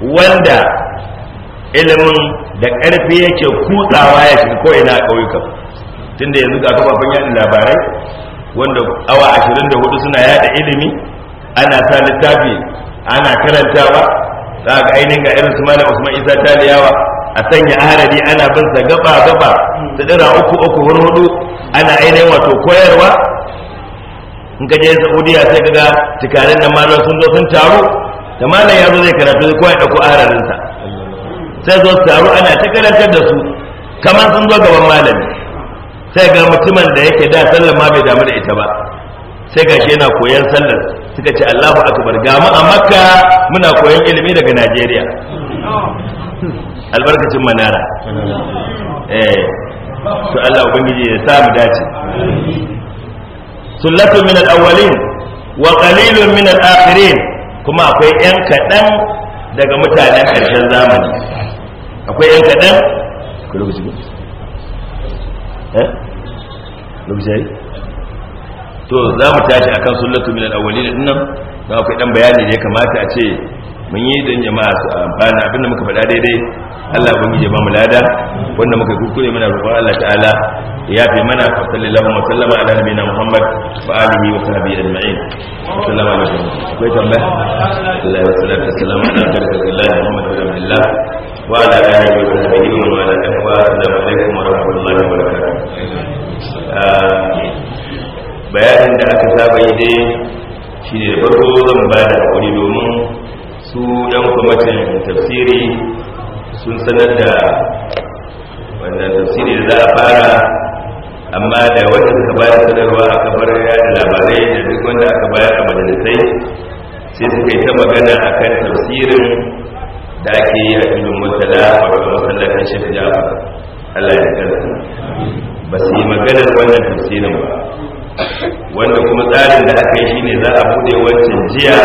wanda ilimin da ƙarfi yake kutsawa ya shiga ko'ina a tun tunda yanzu ga kafafen yaɗin labarai wanda awa ashirin da hudu suna yada ilimi ana sa littafi ana karantawa za ga ainihin ga irin su malam usman isa taliyawa a sanya arabi ana bin sa gaba gaba su dira uku uku hudu ana ainihin wato koyarwa in ka je saudiya sai ga cikarin nan malam sun zo sun taru da malam ya zo zai karatu ko ya dauko hararin sa sai zo taru ana ta karantar da su kamar sun zo gaban malami sai ga mutumin da yake da sallar ma bai damu da ita ba sai gashi yana koyan sallar suka ce Allahu akbar ga mu a Makka muna koyan ilimi daga Najeriya albarkacin manara eh to Allah ubangiji ya sa mu dace sullatu min al-awwalin wa qalilun min al-akhirin kuma akwai yan kadan daga mutanen karshen zamani akwai yan kadan ku lokaci eh lokaci to za mu tashi akan sullatu min al-awwalin dinnan da akwai dan bayani da ya kamata a ce mun yi don jama'a su amfana abinda muka faɗa daidai Allah ban gije ba mu lada wanda muka kuskure muna roƙon Allah ta'ala ya fi mana fa sallallahu alaihi wa sallam ala nabiyina Muhammad wa alihi wa sahbihi ajma'in sallallahu alaihi wa sallam akwai tambaya Allah ya sallama assalamu alaikum warahmatullahi wabarakatuh wa wa ala alihi wa sahbihi wa ala alihi wa assalamu alaikum wa rahmatullahi wa barakatuh ah, bayanin da aka saba yi dai shi ne da farko zan bada hakuri domin su yan kwamitin tafsiri sun sanar da wannan tafsiri da za a fara amma da wata suka bayar sanarwa a kafar yada labarai da duk wanda aka bayar a majalisai sai suka yi ta magana a kan tafsirin da ake yi a cikin mutala a wata masallacin shirin jaba allah ya karsa ba su yi maganar wannan tafsirin ba wanda kuma tsarin da aka yi shine za a buɗe wancan jiya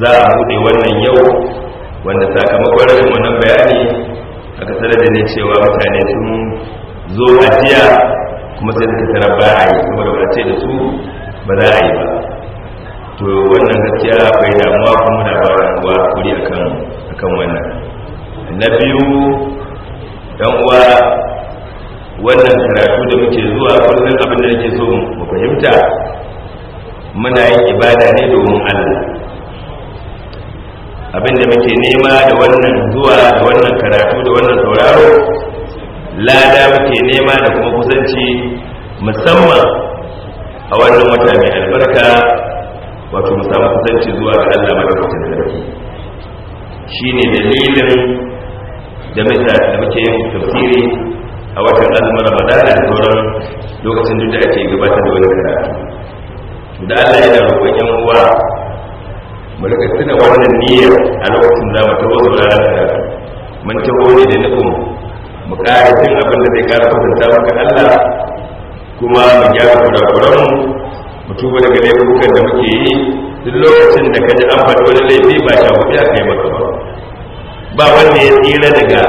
za a buɗe wannan yau wanda sakamakon rashin wannan bayani aka kasar da ne cewa mutane sun zo ajiya kuma sai suka tarar ba a yi kuma da ce da su ba za a yi ba to wannan gaskiya akwai damuwa kuma da ba wa kuri akan kan wannan na biyu dan uwa wannan karatu da muke zuwa kullum abin da nake so mu fahimta muna yin ibada ne domin Allah abinda muke nema da wannan zuwa da wannan karatu da wannan sauraro lada muke nema da kuma kusanci musamman a wannan wata mai albarka wato mu samu kusanci zuwa ga Allah madaukakin sarki shine dalilin da muke yin tafsiri a watan azumin ramadan da sauran lokacin da ake gabatar da wannan karatu da Allah yana roƙon yan uwa mu rika tuna wannan niyyar a lokacin da mu ranar sauraron ta mun tawo ne da nufin mu kare jin abin da zai kara kwatanta maka Allah kuma mu gyara kurakuran mu tuba daga laifukan da muke yi duk lokacin da ka ji an faɗi wani laifi ba sha hudu a kai maka ba ba wanda ya tsira daga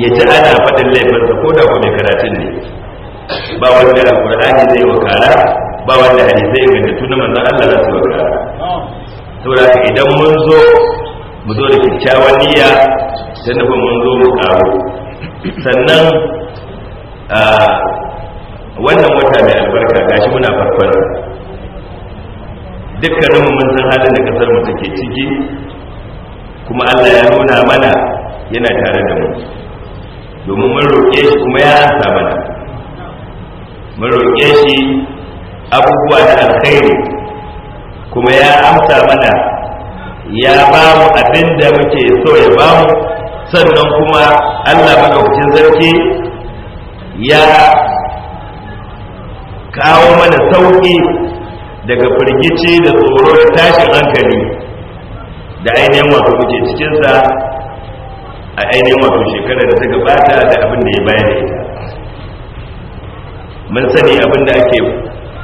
ya ji ana faɗin laifinsa ko da kuma karatun ne ba wanda alƙur'ani zai wakala ba wanda hadisai ingantattu na manzon Allah za su wakala saboda haka idan mun zo mu zo da kyakkyawan niyya sai nufin mun zo mu karo sannan wannan wata mai albarka gashi muna farkon dukkanin mun san halin da kasar mu take ciki kuma Allah ya nuna mana yana tare da mu domin mun roƙe shi kuma ya ansa mana mun roƙe shi abubuwa da alkhairi kuma ya amsa mana ya ba mu abin da muke so ya ba mu sannan kuma allah maɗaukacin zarki ya kawo mana sauƙi daga firgici da tsoro da tashin hankali da ainihin wato muke cikinsa a ainihin wato shekarar da ta gabata da abin da ya bayar mun sani abin da ake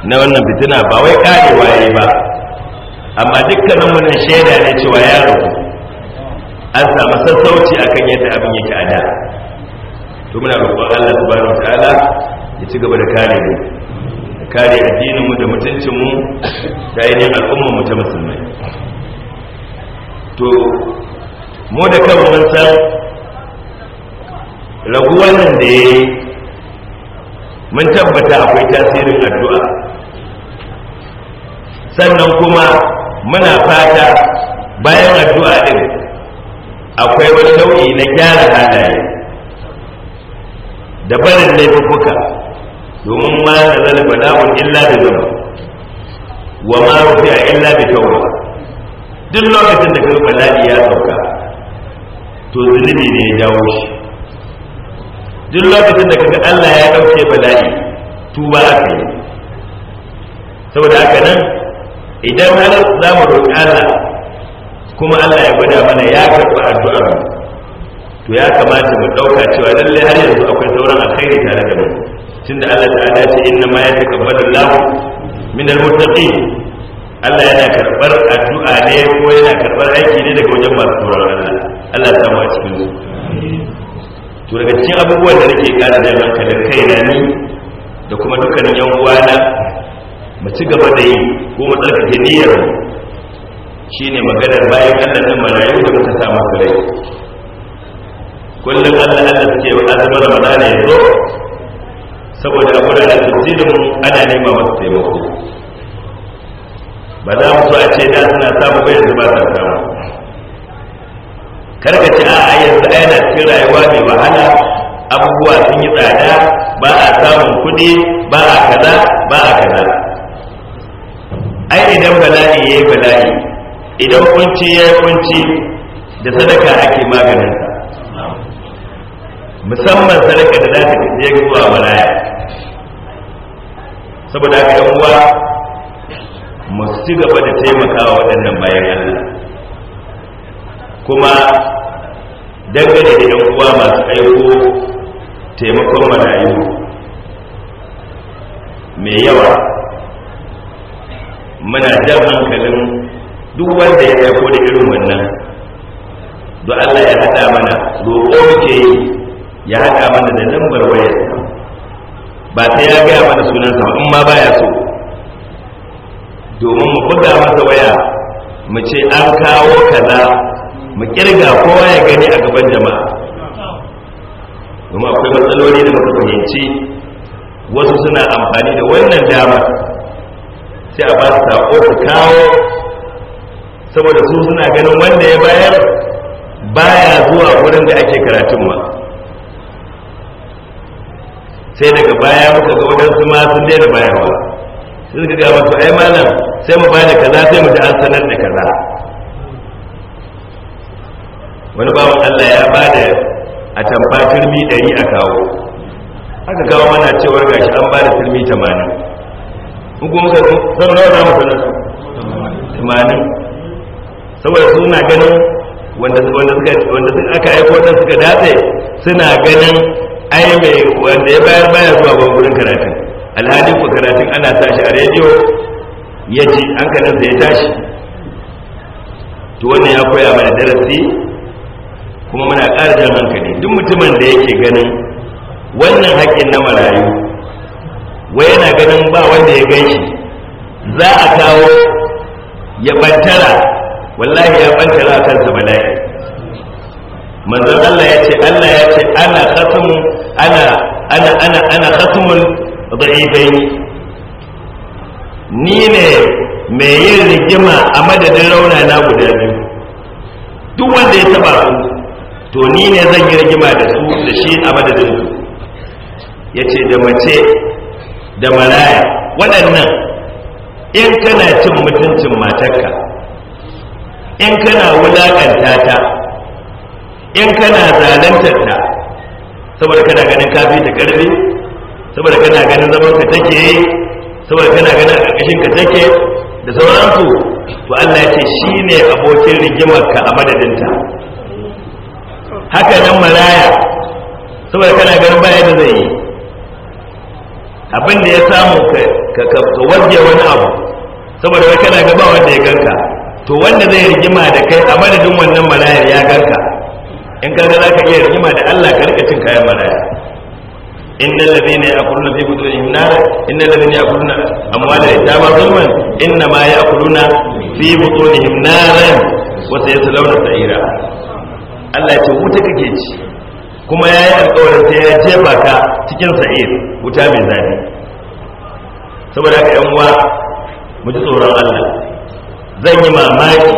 na wannan fitina ba wai karewa ya ba amma dukkanin mun shaida ne cewa yaro an samu sassauci akan yadda abin yake a da to muna roƙon Allah subhanahu wataala ya ci gaba da kare mu kare addinin mu da mutuncin mu da ainihin al'umma mu ta musulmai to mu da kanmu mun san raguwar nan da yayi mun tabbata akwai tasirin addu'a sannan kuma muna fata bayan addu'a din akwai wani nau'i na gyara halaye da barin laifuka domin ma da zalba namun illa da zuba wa ma rufi a illa da tauba duk lokacin da kai bala'i ya sauka to zunubi ne ya jawo shi duk lokacin da kaga Allah ya dauke bala'i tuba aka saboda haka nan idan ana za mu roƙi Allah kuma Allah ya gwada mana ya karɓi addu'ar mu to ya kamata mu ɗauka cewa lalle har yanzu akwai sauran alkhairi tare da mu tunda Allah ta'ala ce inna ma yatakabbalu Allah min al-muttaqin Allah yana karɓar addu'a ne ko yana karɓar aiki ne daga wajen masu tsoron Allah Allah ya samu a cikin su to daga cikin abubuwan da nake kara da hankalin na ni da kuma dukkanin yan uwana mu ci gaba da yi ko mu tsarkake niyyar mu shine maganar bayan Allah nan marayu da muka sa masu rai kullum Allah Allah suke wa azumin Ramadan ya zo saboda a da mu, ana nema masu taimako ba za mu so a ce da suna samu bai zuba ba samu karka ce a yanzu yana cikin rayuwa mai wahala abubuwa sun yi tsada ba a samun kuɗi ba a kaza ba a kaza ai idan bala'i ya yi bala'i idan kunci ya yi kunci da sadaka ake maganin sa musamman sadaka da zata je zuwa maraya. saboda haka yan uwa mu ci gaba da taimakawa waɗannan bayan Allah kuma dangane da yan uwa masu aiko taimakon marayu mai yawa muna da hankalin duk wanda ya aiko da irin wannan do Allah ya hada mana roƙo muke ya haɗa mana da lambar waya ba ta ya gaya mana sunansa ba in ma baya so domin mu buga masa waya mu ce an kawo kaza mu kirga kowa ya gani a gaban jama'a domin akwai matsaloli da muka fahimci wasu suna amfani da wannan damar sai a ba su sako su kawo saboda su suna ganin wanda ya bayar baya zuwa wurin da ake karatun ba sai daga baya muka ga su ma sun daina bayarwa sai suka ga masu ai malam sai mu bada kaza sai mu ji an sanar da kaza wani bawan Allah ya bada a tamfa turmi 100 a kawo aka kawo mana cewar gashi an bada turmi 80 in kuma ka san nawa za mu sanar su tumanin saboda suna ganin wanda suka wanda suka aka aiko dan suka dace suna ganin ai mai wanda ya bayar baya zuwa ba gurin karatu. alhali ko karatu ana tashi a rediyo ya ji an kanan ya tashi to wannan ya koya mana darasi kuma muna ƙara jan hankali duk mutumin da yake ganin wannan haƙƙin na marayu wai yana ganin ba wanda ya gan shi za a kawo ya bantara wallahi ya bantara a kansa bala'i manzan Allah ya ce Allah ya ce ana khatamun ana ana ana ana khatamun ni ne mai yin rigima a madadin rauna na guda biyu duk wanda ya taba su to ni ne zan yi rigima da su da shi a madadin su ya ce da mace da malaya waɗannan in kana cin mutuncin matarka in kana wulaƙanta ta in kana zalantar ta saboda kana ganin kafi da ƙarfi saboda kana ganin zaman ka take yi saboda kana ganin ƙarƙashin ka take da sauransu to Allah ce shi ne abokin ka a madadinta haka nan malaya saboda kana ganin baya da zai yi abin da ya samu ka warge wani abu saboda wai kana gaba wanda ya ganka to wanda zai rigima da kai a madadin wannan marayar ya ganka in ka ga zaka iya rigima da Allah ka rika cin kayan maraya innal ladina yaquluna fi budurihim nar innal ladina yaquluna amwala yatama zulman inna ma yaquluna fi budurihim nar wa sayaslawna ta'ira Allah ya ce wuta kake ci kuma ya yi alkawarin sai ya jefa ka cikin sa'ir wuta mai zafi saboda haka yan uwa mu ji tsoron Allah zan yi mamaki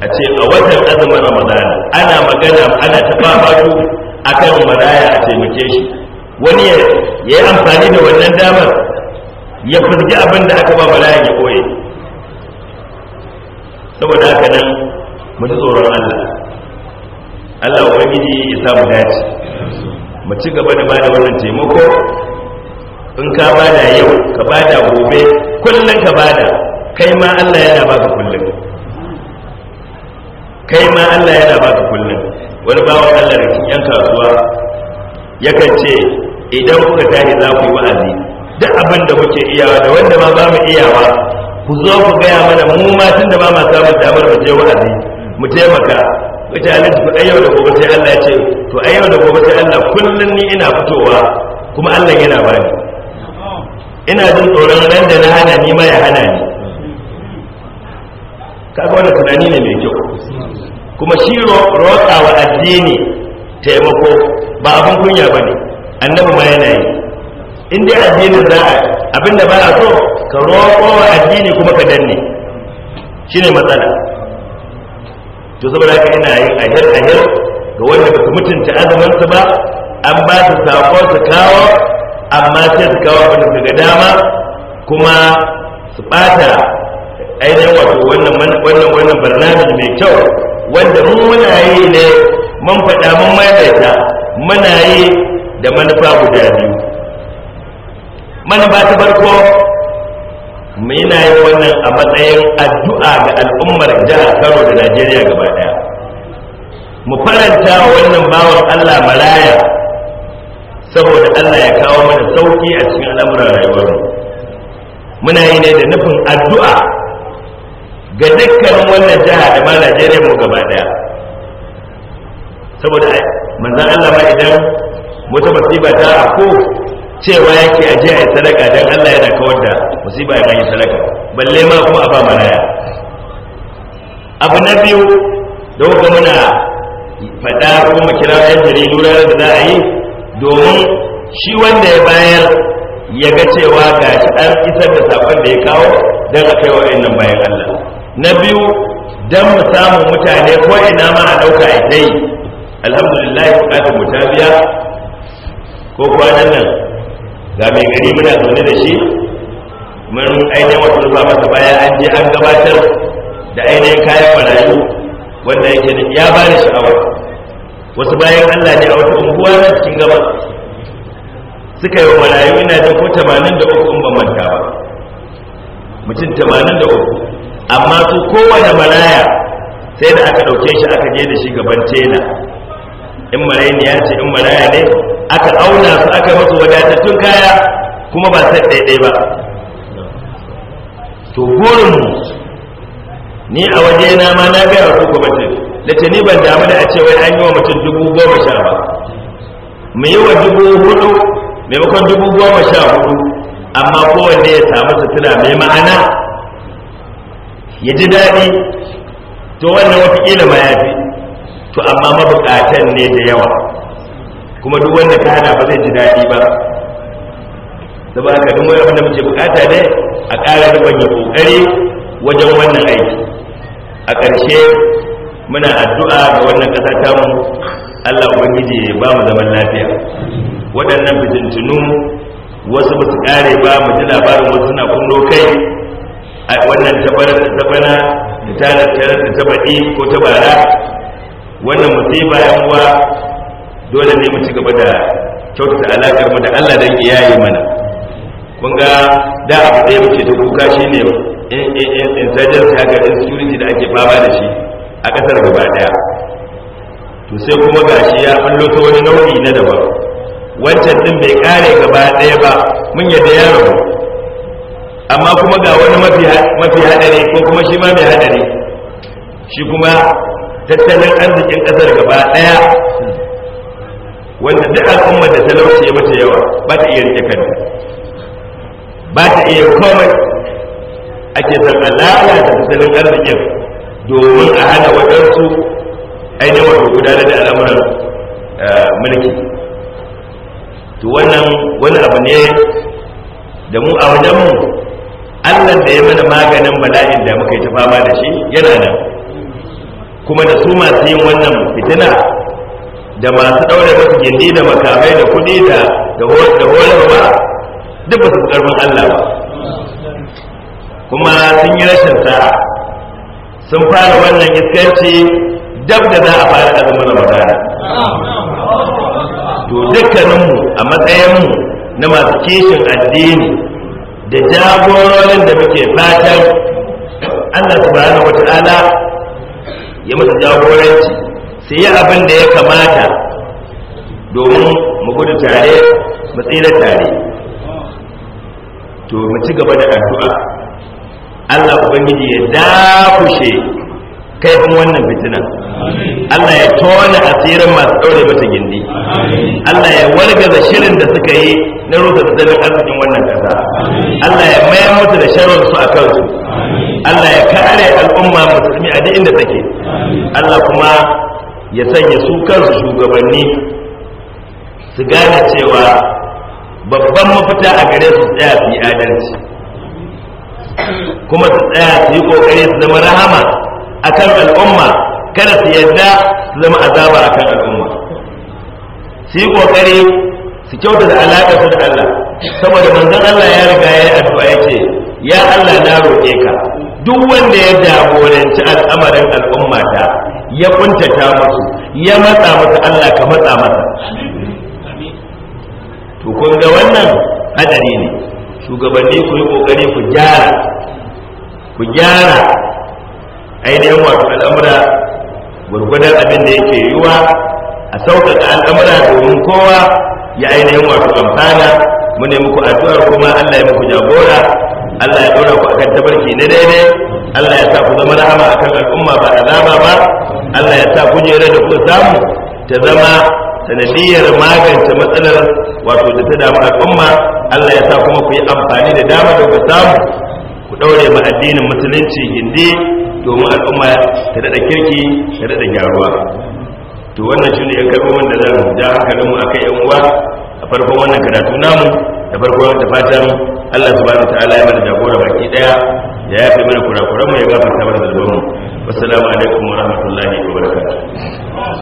a ce a watan azumin Ramadan ana magana ana ta akan maraya a taimake shi wani ya yi amfani da wannan damar ya furgi abin da aka ba maraya ya koye saboda haka nan mu ji tsoron Allah Allah ubangiji ya samu dace mu ci gaba da bada wannan taimako in ka bada yau ka bada gobe kullum ka bada kai ma Allah yana baka kullum kai ma Allah yana baka kullun wani bawan Allah da yan kasuwa yakan ce idan kuka tashi za ku yi wa'azi duk abin da kuke iyawa da wanda ma za mu iyawa ku zo ku gaya mana mu ma tun da ba ma samun damar mu je wa'azi mu taimaka ita halittu ku yau da gobe sai Allah ya ce to a da gobe sai Allah kullum ni ina fitowa kuma Allah yana bani ina jin tsoron nan da na hana ni ma ya hana ni Ka ga wannan tunani ne mai kyau kuma shi roƙa wa addini taimako ba abin kunya ba ne annabi ma yana yi in dai addinin za a abinda ba a so ka roƙo wa addini kuma ka danne shine matsala to saboda haka ina yi ahir ahir ga wanda ba mutunta azumansa ba an ba su sako su kawo amma sai su kawo abin da dama kuma su bata ainihin wato wannan wannan wannan barnamij mai kyau wanda mun muna yi ne mun faɗa mun maimaita muna yi da manufa guda biyu ba ta farko Muna yi wannan a matsayin addu'a ga al'ummar jihar kano da najeriya gaba daya mu faranta wannan bawan allah maraya saboda allah ya kawo mana sauki a cikin al'amuran mu, muna yi ne da nufin addu'a ga dukkanin wannan jiha da ma najeriya mu gaba daya saboda manzan allah ma idan wata masifa ta ko cewa yake aje a yi sadaka don Allah yana kawar da musiba yana yi sadaka balle ma kuma a ba maraya abu na biyu da wuka muna faɗa ko mu kira yan jaridu lura da za a yi domin shi wanda ya bayar ya ga cewa ga shi an isar da sakon da ya kawo don a kai yin nan bayan Allah na biyu don mu samu mutane ko ina ma a ɗauka a dai alhamdulillah ya mu ko kwanan nan ga mai gari muna zaune da shi mun ainihin wata rufa masa bayan an je an gabatar da ainihin kayan marayu wanda yake ya ba da sha'awa wasu bayan allah ne a wata unguwa na cikin gaba suka yi marayu ina da ko 83 in ban manta ba mutum 83 amma su kowane maraya sai da aka ɗauke shi aka je da shi gaban tela in maraini ya ce in maraya ne aka auna su aka masu wadatattun kaya kuma ba sai ɗaiɗai ba to mu ni a waje na ma na gaya wa Da ce ni ban damu da a ce wai an yi wa mutum dubu goma sha ba mu yi wa dubu hudu maimakon dubu goma sha hudu amma kowanne ya samu sutura mai ma'ana ya ji daɗi to wannan wata ma ya fi to amma mabukatan ne da yawa kuma duk wanda ka hana ba zai ji daɗi ba saboda ka duk wanda da muke bukata ne a ƙara rubanya kokari wajen wannan aiki a ƙarshe muna addu'a ga wannan ƙasa mu Allah ubangiji ba mu zaman lafiya waɗannan fitintunu wasu ba su ƙare ba mu ji labarin wasu suna kunno kai a wannan tabarar da tabana da tarar da tabaɗi ko tabara wannan musiba ya uwa dole ne mu ci gaba da kyautata alakar mu da Allah da ya yi mana kun ga da abu da muke da kuka shine insurgency ga insecurity da ake fama da shi a kasar gaba daya to sai kuma gashi ya ballo ta wani nau'i na daban wancan din bai kare gaba daya ba mun yadda ya rabu amma kuma ga wani mafi hadari ko kuma shi ma mai hadari shi kuma tattalin arzikin ƙasar gaba ɗaya wanda duk al'ummar da talauci ya mata yawa ba ta iya rike kanta ba ta iya komai ake son a lalata tattalin arzikin domin a hana waɗansu ainihin wato gudanar da al'amuran eh, mulki to wannan wani abu ne da mu a wajenmu allah da ya mana maganin bala'in da muka yi ta fama da shi yana nan kuma da su masu yin wannan fitina da masu ɗaure masu gindi da makamai da kuɗi da horarwa duk ba su ƙarfin Allah ba kuma sun yi rashin sa'a sun fara wannan iskanci dab da za a fara azumin ramadana to dukkaninmu a matsayinmu na masu kishin addini da jagororin da muke fatan Allah subhanahu wata'ala ya masa jagoranci su yi abin da ya kamata domin mu gudu tare mu tsira tare to mu ci gaba da addu'a Allah ubangiji ya dafushe kaifin wannan fitina Allah ya tona asirin masu daure mata gindi Allah ya wargaza shirin da suka yi na rusa tattalin arzikin wannan kasa. Allah ya mayar musu da sharon su a kansu Allah ya kare al'umma musulmi a duk inda take Allah kuma ya sanya su kansu shugabanni su gane cewa babban mafita a gare su tsaya su adalci kuma su tsaya su yi kokari su zama rahama a kan al'umma kada su yadda su zama azaba kan al'umma su yi kokari su kyautata alaƙa su da Allah saboda manzon Allah ya riga ya yi addu'a ya ce ya Allah na roƙe ka duk wanda ya jagoranci al'amarin al'umma ta ya kuntata musu ya matsa musu Allah ka matsa masa to kun ga wannan hadari ne shugabanni ku yi kokari ku gyara ku gyara ainihin wato al'amura gurgudan abin da yake yiwa a sauƙaƙa al'amura domin kowa ya ainihin wato amfana mu ne muku addu'ar kuma Allah ya muku jagora Allah ya dora ku akan tabarki na daidai Allah ya sa ku zama rahama akan al'umma ba azaba ba Allah ya sa kujerar da ku samu ta zama sanadiyar magance matsalar wato da ta damu al'umma Allah ya sa kuma ku yi amfani da dama da ku samu ku daure ma addinin musulunci hindi domin al'umma ta daɗa kirki ta daɗa gyaruwa to wannan shi ne yan kalmomin da za mu ja hankalinmu a kai yan uwa a farkon wannan karatu namu da farkon da fatan Allah subhanahu wataala ya mana jagora baki daya ya yafe mana kurakuran mu ya gafarta mana zalubin mu wassalamu alaikum wa rahmatullahi wa barakatuh